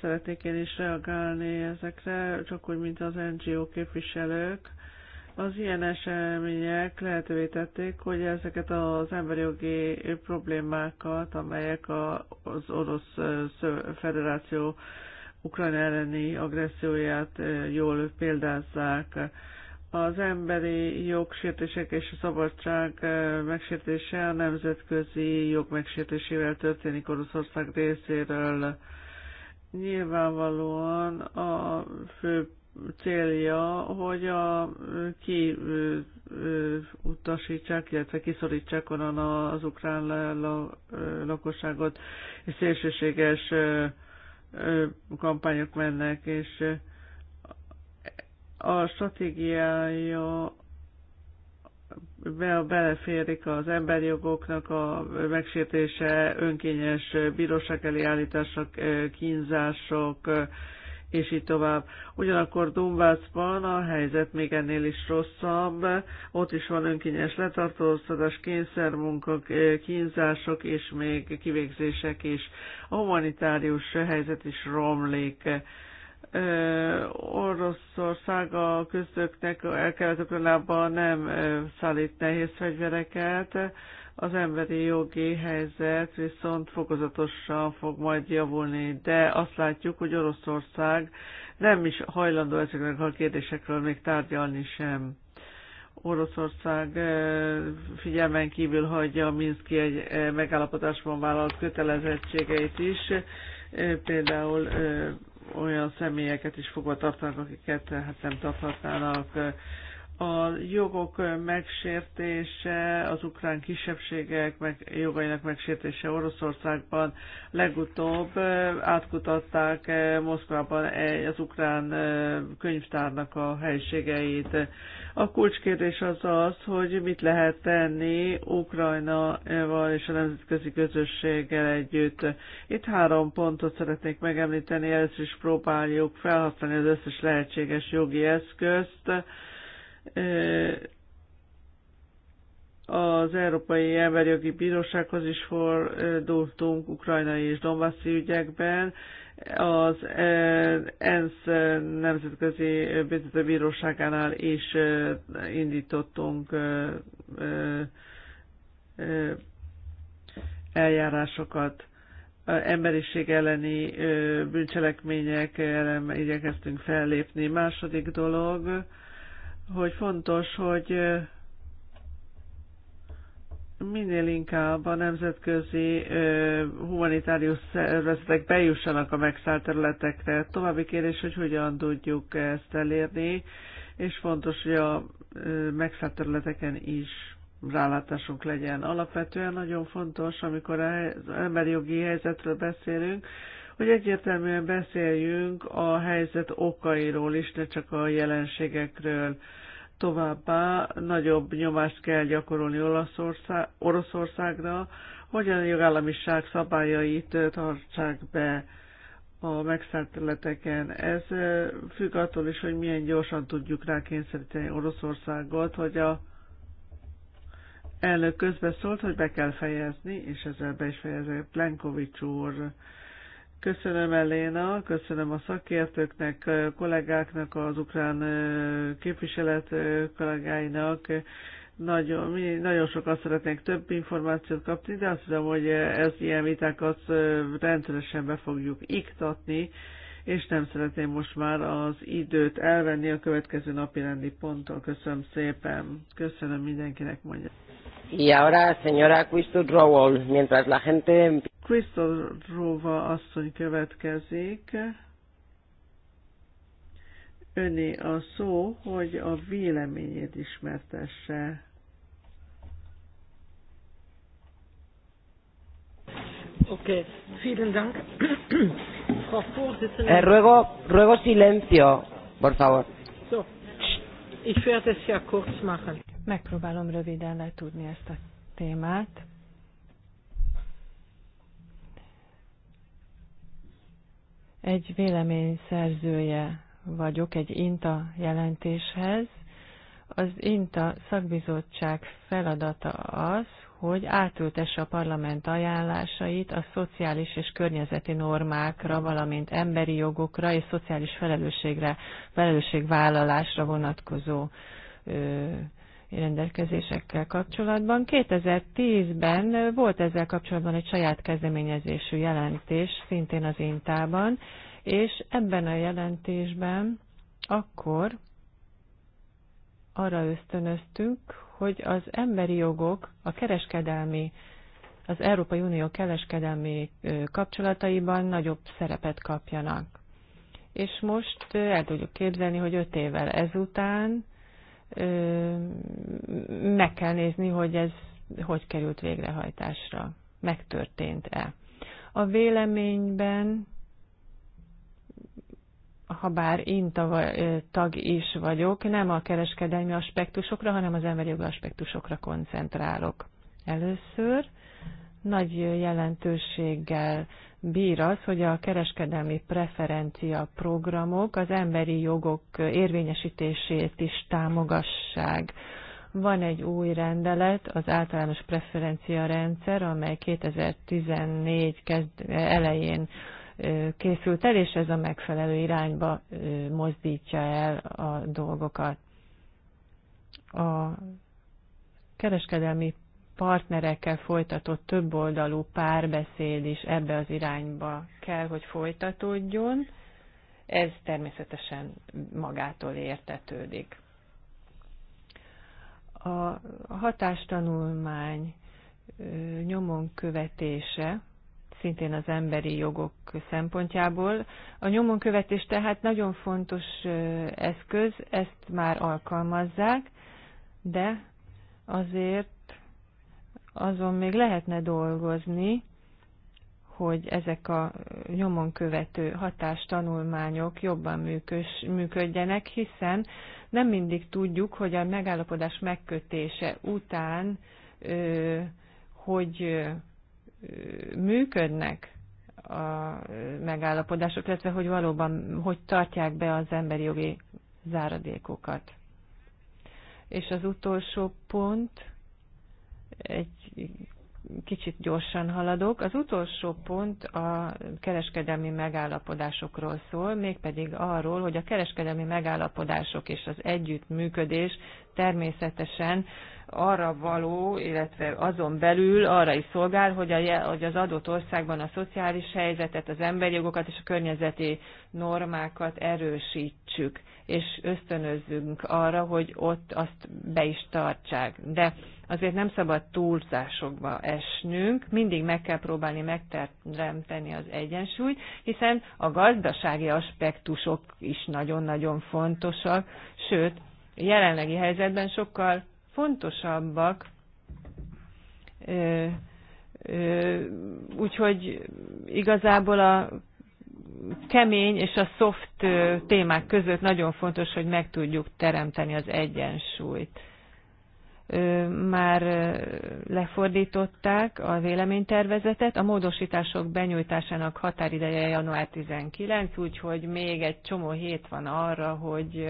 Szeretnék én is reagálni ezekre, csak úgy, mint az NGO képviselők. Az ilyen események lehetővé tették, hogy ezeket az emberi jogi problémákat, amelyek az Orosz Federáció Ukrajna elleni agresszióját jól példázzák. Az emberi jogsértések és a szabadság megsértése a nemzetközi jog megsértésével történik Oroszország részéről Nyilvánvalóan a fő célja, hogy a ki utasítsák, illetve kiszorítsák onnan az ukrán lakosságot, és szélsőséges kampányok mennek, és a stratégiája be, beleférik az emberjogoknak a megsértése, önkényes bíróság elé állítások, kínzások, és így tovább. Ugyanakkor Dumbácban a helyzet még ennél is rosszabb, ott is van önkényes letartóztatás, kényszermunkak, kínzások és még kivégzések is. A humanitárius helyzet is romlik Oroszország a közöknek kelet nem szállít nehéz fegyvereket, az emberi jogi helyzet viszont fokozatosan fog majd javulni, de azt látjuk, hogy Oroszország nem is hajlandó ezeknek a kérdésekről még tárgyalni sem. Oroszország figyelmen kívül hagyja a Minszki egy megállapodásban vállalt kötelezettségeit is, például olyan személyeket is fogva tartanak, akiket hát nem tarthatnának a jogok megsértése, az ukrán kisebbségek meg, jogainak megsértése Oroszországban legutóbb átkutatták Moszkvában az ukrán könyvtárnak a helységeit. A kulcskérdés az az, hogy mit lehet tenni Ukrajnaval és a nemzetközi közösséggel együtt. Itt három pontot szeretnék megemlíteni, először is próbáljuk felhasználni az összes lehetséges jogi eszközt, az Európai Jogi Bírósághoz is fordultunk ukrajnai és Donbasszi ügyekben. Az ENSZ Nemzetközi Bíróságánál is indítottunk eljárásokat. Emberiség elleni bűncselekmények ellen igyekeztünk fellépni. Második dolog, hogy fontos, hogy minél inkább a nemzetközi humanitárius szervezetek bejussanak a megszállt területekre. További kérdés, hogy hogyan tudjuk ezt elérni, és fontos, hogy a megszállt területeken is rálátásunk legyen. Alapvetően nagyon fontos, amikor az emberi jogi helyzetről beszélünk, hogy egyértelműen beszéljünk a helyzet okairól is, ne csak a jelenségekről. Továbbá nagyobb nyomást kell gyakorolni Oroszországra, hogy a jogállamiság szabályait tartsák be a megszállt területeken. Ez függ attól is, hogy milyen gyorsan tudjuk rákényszeríteni Oroszországot, hogy a elnök közbeszólt, hogy be kell fejezni, és ezzel be is fejezett Plenkovics úr Köszönöm Eléna, köszönöm a szakértőknek, a kollégáknak, az ukrán képviselet kollégáinak. Nagyon, mi nagyon sokat szeretnénk több információt kapni, de azt hiszem, hogy ez ilyen vitákat rendszeresen be fogjuk iktatni, és nem szeretném most már az időt elvenni a következő napi rendi ponttól. Köszönöm szépen. Köszönöm mindenkinek, mondja. Y ahora, señora mientras la gente... Krisztorova asszony következik. Öné a szó, hogy a véleményét ismertesse. Oké, vielen Dank. Eh, ruego, ruego silencio, por favor. ich werde es ja kurz machen. Megpróbálom röviden letudni ezt a témát. Egy vélemény szerzője vagyok egy INTA jelentéshez. Az INTA szakbizottság feladata az, hogy átültesse a parlament ajánlásait a szociális és környezeti normákra, valamint emberi jogokra és szociális felelősségre, felelősségvállalásra vonatkozó ö, rendelkezésekkel kapcsolatban. 2010-ben volt ezzel kapcsolatban egy saját kezdeményezésű jelentés, szintén az Intában, és ebben a jelentésben akkor arra ösztönöztünk, hogy az emberi jogok a kereskedelmi, az Európai Unió kereskedelmi kapcsolataiban nagyobb szerepet kapjanak. És most el tudjuk képzelni, hogy öt évvel ezután meg kell nézni, hogy ez hogy került végrehajtásra, megtörtént-e. A véleményben, ha bár én tag is vagyok, nem a kereskedelmi aspektusokra, hanem az emberi jogi aspektusokra koncentrálok. Először nagy jelentőséggel bír az, hogy a kereskedelmi preferencia programok az emberi jogok érvényesítését is támogassák. Van egy új rendelet, az általános preferencia rendszer, amely 2014 kezd, elején készült el, és ez a megfelelő irányba mozdítja el a dolgokat. A kereskedelmi partnerekkel folytatott többoldalú párbeszéd is ebbe az irányba kell, hogy folytatódjon. Ez természetesen magától értetődik. A hatástanulmány nyomon követése szintén az emberi jogok szempontjából. A nyomonkövetés tehát nagyon fontos eszköz, ezt már alkalmazzák, de azért azon még lehetne dolgozni, hogy ezek a nyomon követő hatástanulmányok jobban működs, működjenek, hiszen nem mindig tudjuk, hogy a megállapodás megkötése után, hogy működnek a megállapodások, illetve hogy valóban hogy tartják be az emberi jogi záradékokat. És az utolsó pont, egy kicsit gyorsan haladok. Az utolsó pont a kereskedelmi megállapodásokról szól, mégpedig arról, hogy a kereskedelmi megállapodások és az együttműködés természetesen arra való, illetve azon belül arra is szolgál, hogy, a, hogy az adott országban a szociális helyzetet, az emberi jogokat és a környezeti normákat erősítsük, és ösztönözzünk arra, hogy ott azt be is tartsák. De azért nem szabad túlzásokba esnünk, mindig meg kell próbálni megteremteni az egyensúlyt, hiszen a gazdasági aspektusok is nagyon-nagyon fontosak, sőt, jelenlegi helyzetben sokkal fontosabbak, úgyhogy igazából a kemény és a soft témák között nagyon fontos, hogy meg tudjuk teremteni az egyensúlyt. Már lefordították a véleménytervezetet, a módosítások benyújtásának határideje január 19, úgyhogy még egy csomó hét van arra, hogy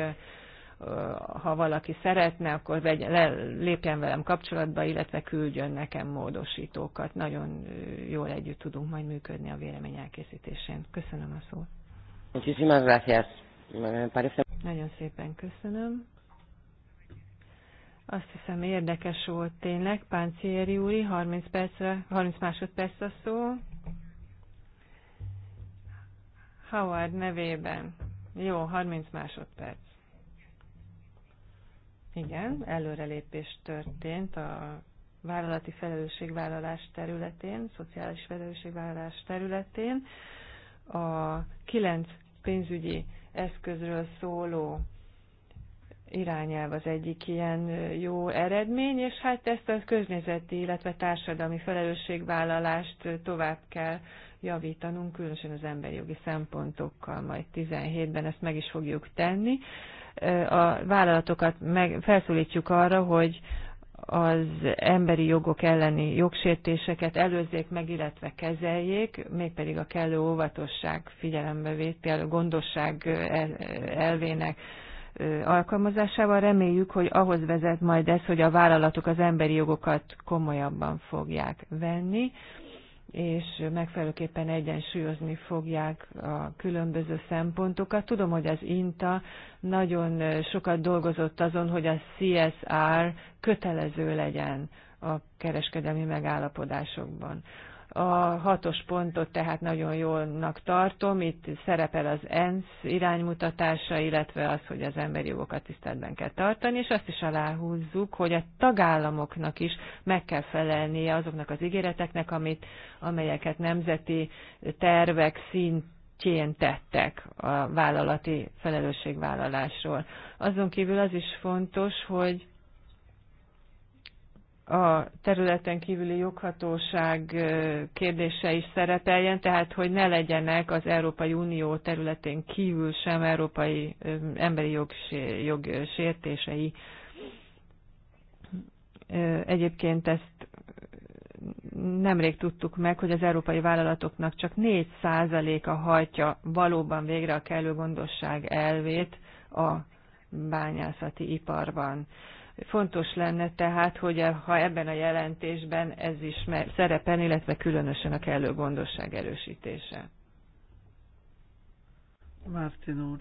ha valaki szeretne, akkor vegy, le, lépjen velem kapcsolatba, illetve küldjön nekem módosítókat. Nagyon jól együtt tudunk majd működni a vélemény elkészítésén. Köszönöm a szót. Nagyon szépen köszönöm. Azt hiszem érdekes volt tényleg. Pánciéri úri, 30, percre, 30 a szó. Howard nevében. Jó, 30 másodperc. Igen, előrelépés történt a vállalati felelősségvállalás területén, szociális felelősségvállalás területén. A kilenc pénzügyi eszközről szóló irányelv az egyik ilyen jó eredmény, és hát ezt a környezeti, illetve társadalmi felelősségvállalást tovább kell javítanunk, különösen az emberi jogi szempontokkal, majd 17-ben ezt meg is fogjuk tenni a vállalatokat meg, felszólítjuk arra, hogy az emberi jogok elleni jogsértéseket előzzék meg, illetve kezeljék, mégpedig a kellő óvatosság figyelembevétel, gondosság elvének alkalmazásával. Reméljük, hogy ahhoz vezet majd ez, hogy a vállalatok az emberi jogokat komolyabban fogják venni és megfelelőképpen egyensúlyozni fogják a különböző szempontokat. Tudom, hogy az INTA nagyon sokat dolgozott azon, hogy a CSR kötelező legyen a kereskedelmi megállapodásokban. A hatos pontot tehát nagyon jónak tartom. Itt szerepel az ENSZ iránymutatása, illetve az, hogy az emberi jogokat tiszteletben kell tartani, és azt is aláhúzzuk, hogy a tagállamoknak is meg kell felelnie azoknak az ígéreteknek, amit, amelyeket nemzeti tervek szint szintjén tettek a vállalati felelősségvállalásról. Azon kívül az is fontos, hogy a területen kívüli joghatóság kérdése is szerepeljen, tehát hogy ne legyenek az Európai Unió területén kívül sem európai emberi jog, jog sértései. Egyébként ezt nemrég tudtuk meg, hogy az európai vállalatoknak csak 4%-a hajtja valóban végre a kellő gondosság elvét a bányászati iparban. Fontos lenne tehát, hogy ha ebben a jelentésben ez is szerepel, illetve különösen a kellő gondosság erősítése. Martin úr.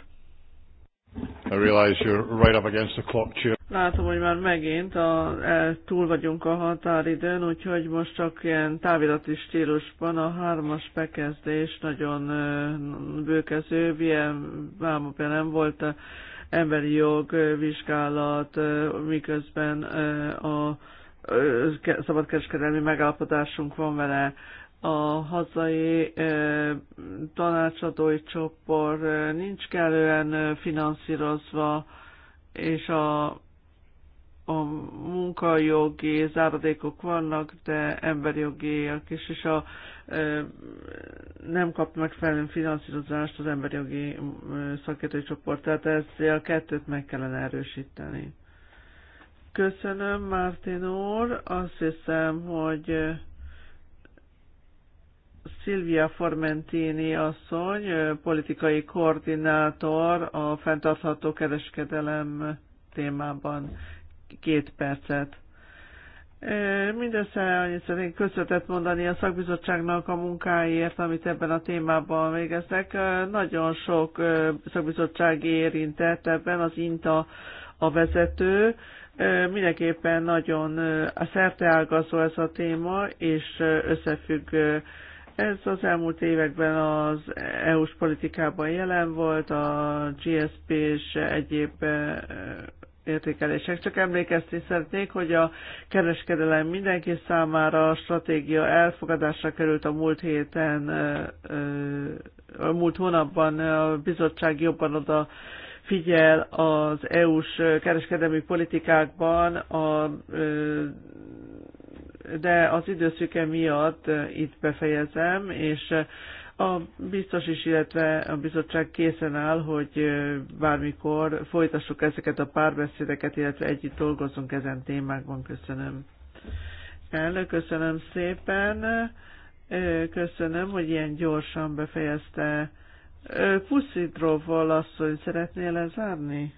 I realize you're right up against the clock, Chair. Látom, hogy már megint a, e, túl vagyunk a határidőn, úgyhogy most csak ilyen távirati stílusban a hármas bekezdés nagyon e, bőkező, ilyen nem volt. E, emberi jog vizsgálat, miközben a szabadkereskedelmi megállapodásunk van vele. A hazai tanácsadói csoport nincs kellően finanszírozva, és a a munkajogi záradékok vannak, de emberjogiak is, és a nem kap megfelelő finanszírozást az emberi jogi szakértői csoport, tehát ezzel a kettőt meg kellene erősíteni. Köszönöm, Mártin úr. Azt hiszem, hogy Silvia Formentini asszony, politikai koordinátor a fenntartható kereskedelem témában. Két percet. Mindössze annyit szeretnék köszönetet mondani a szakbizottságnak a munkáért, amit ebben a témában végeztek. Nagyon sok szakbizottság érintett ebben, az INTA a vezető. Mindenképpen nagyon szerteágazó ez a téma, és összefügg ez az elmúlt években az EU-s politikában jelen volt, a GSP és egyéb értékelések. Csak emlékezni szeretnék, hogy a kereskedelem mindenki számára a stratégia elfogadásra került a múlt héten, a múlt hónapban a bizottság jobban oda figyel az EU-s kereskedelmi politikákban, a, de az időszüke miatt itt befejezem, és a biztos is, illetve a bizottság készen áll, hogy bármikor folytassuk ezeket a párbeszédeket, illetve együtt dolgozunk ezen témákban. Köszönöm. Elnök, köszönöm szépen. Köszönöm, hogy ilyen gyorsan befejezte. Puszidróval asszony, szeretnél lezárni?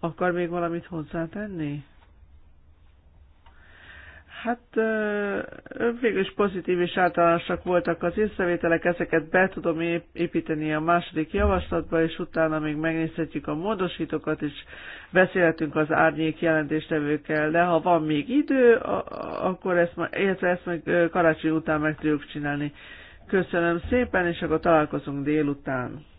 Akar még valamit hozzátenni? Hát végül is pozitív és általánosak voltak az észrevételek, ezeket be tudom építeni a második javaslatba, és utána még megnézhetjük a módosítókat, és beszélhetünk az árnyék jelentéstevőkkel, de ha van még idő, akkor ezt, illetve ezt meg karácsony után meg tudjuk csinálni. Köszönöm szépen, és akkor találkozunk délután.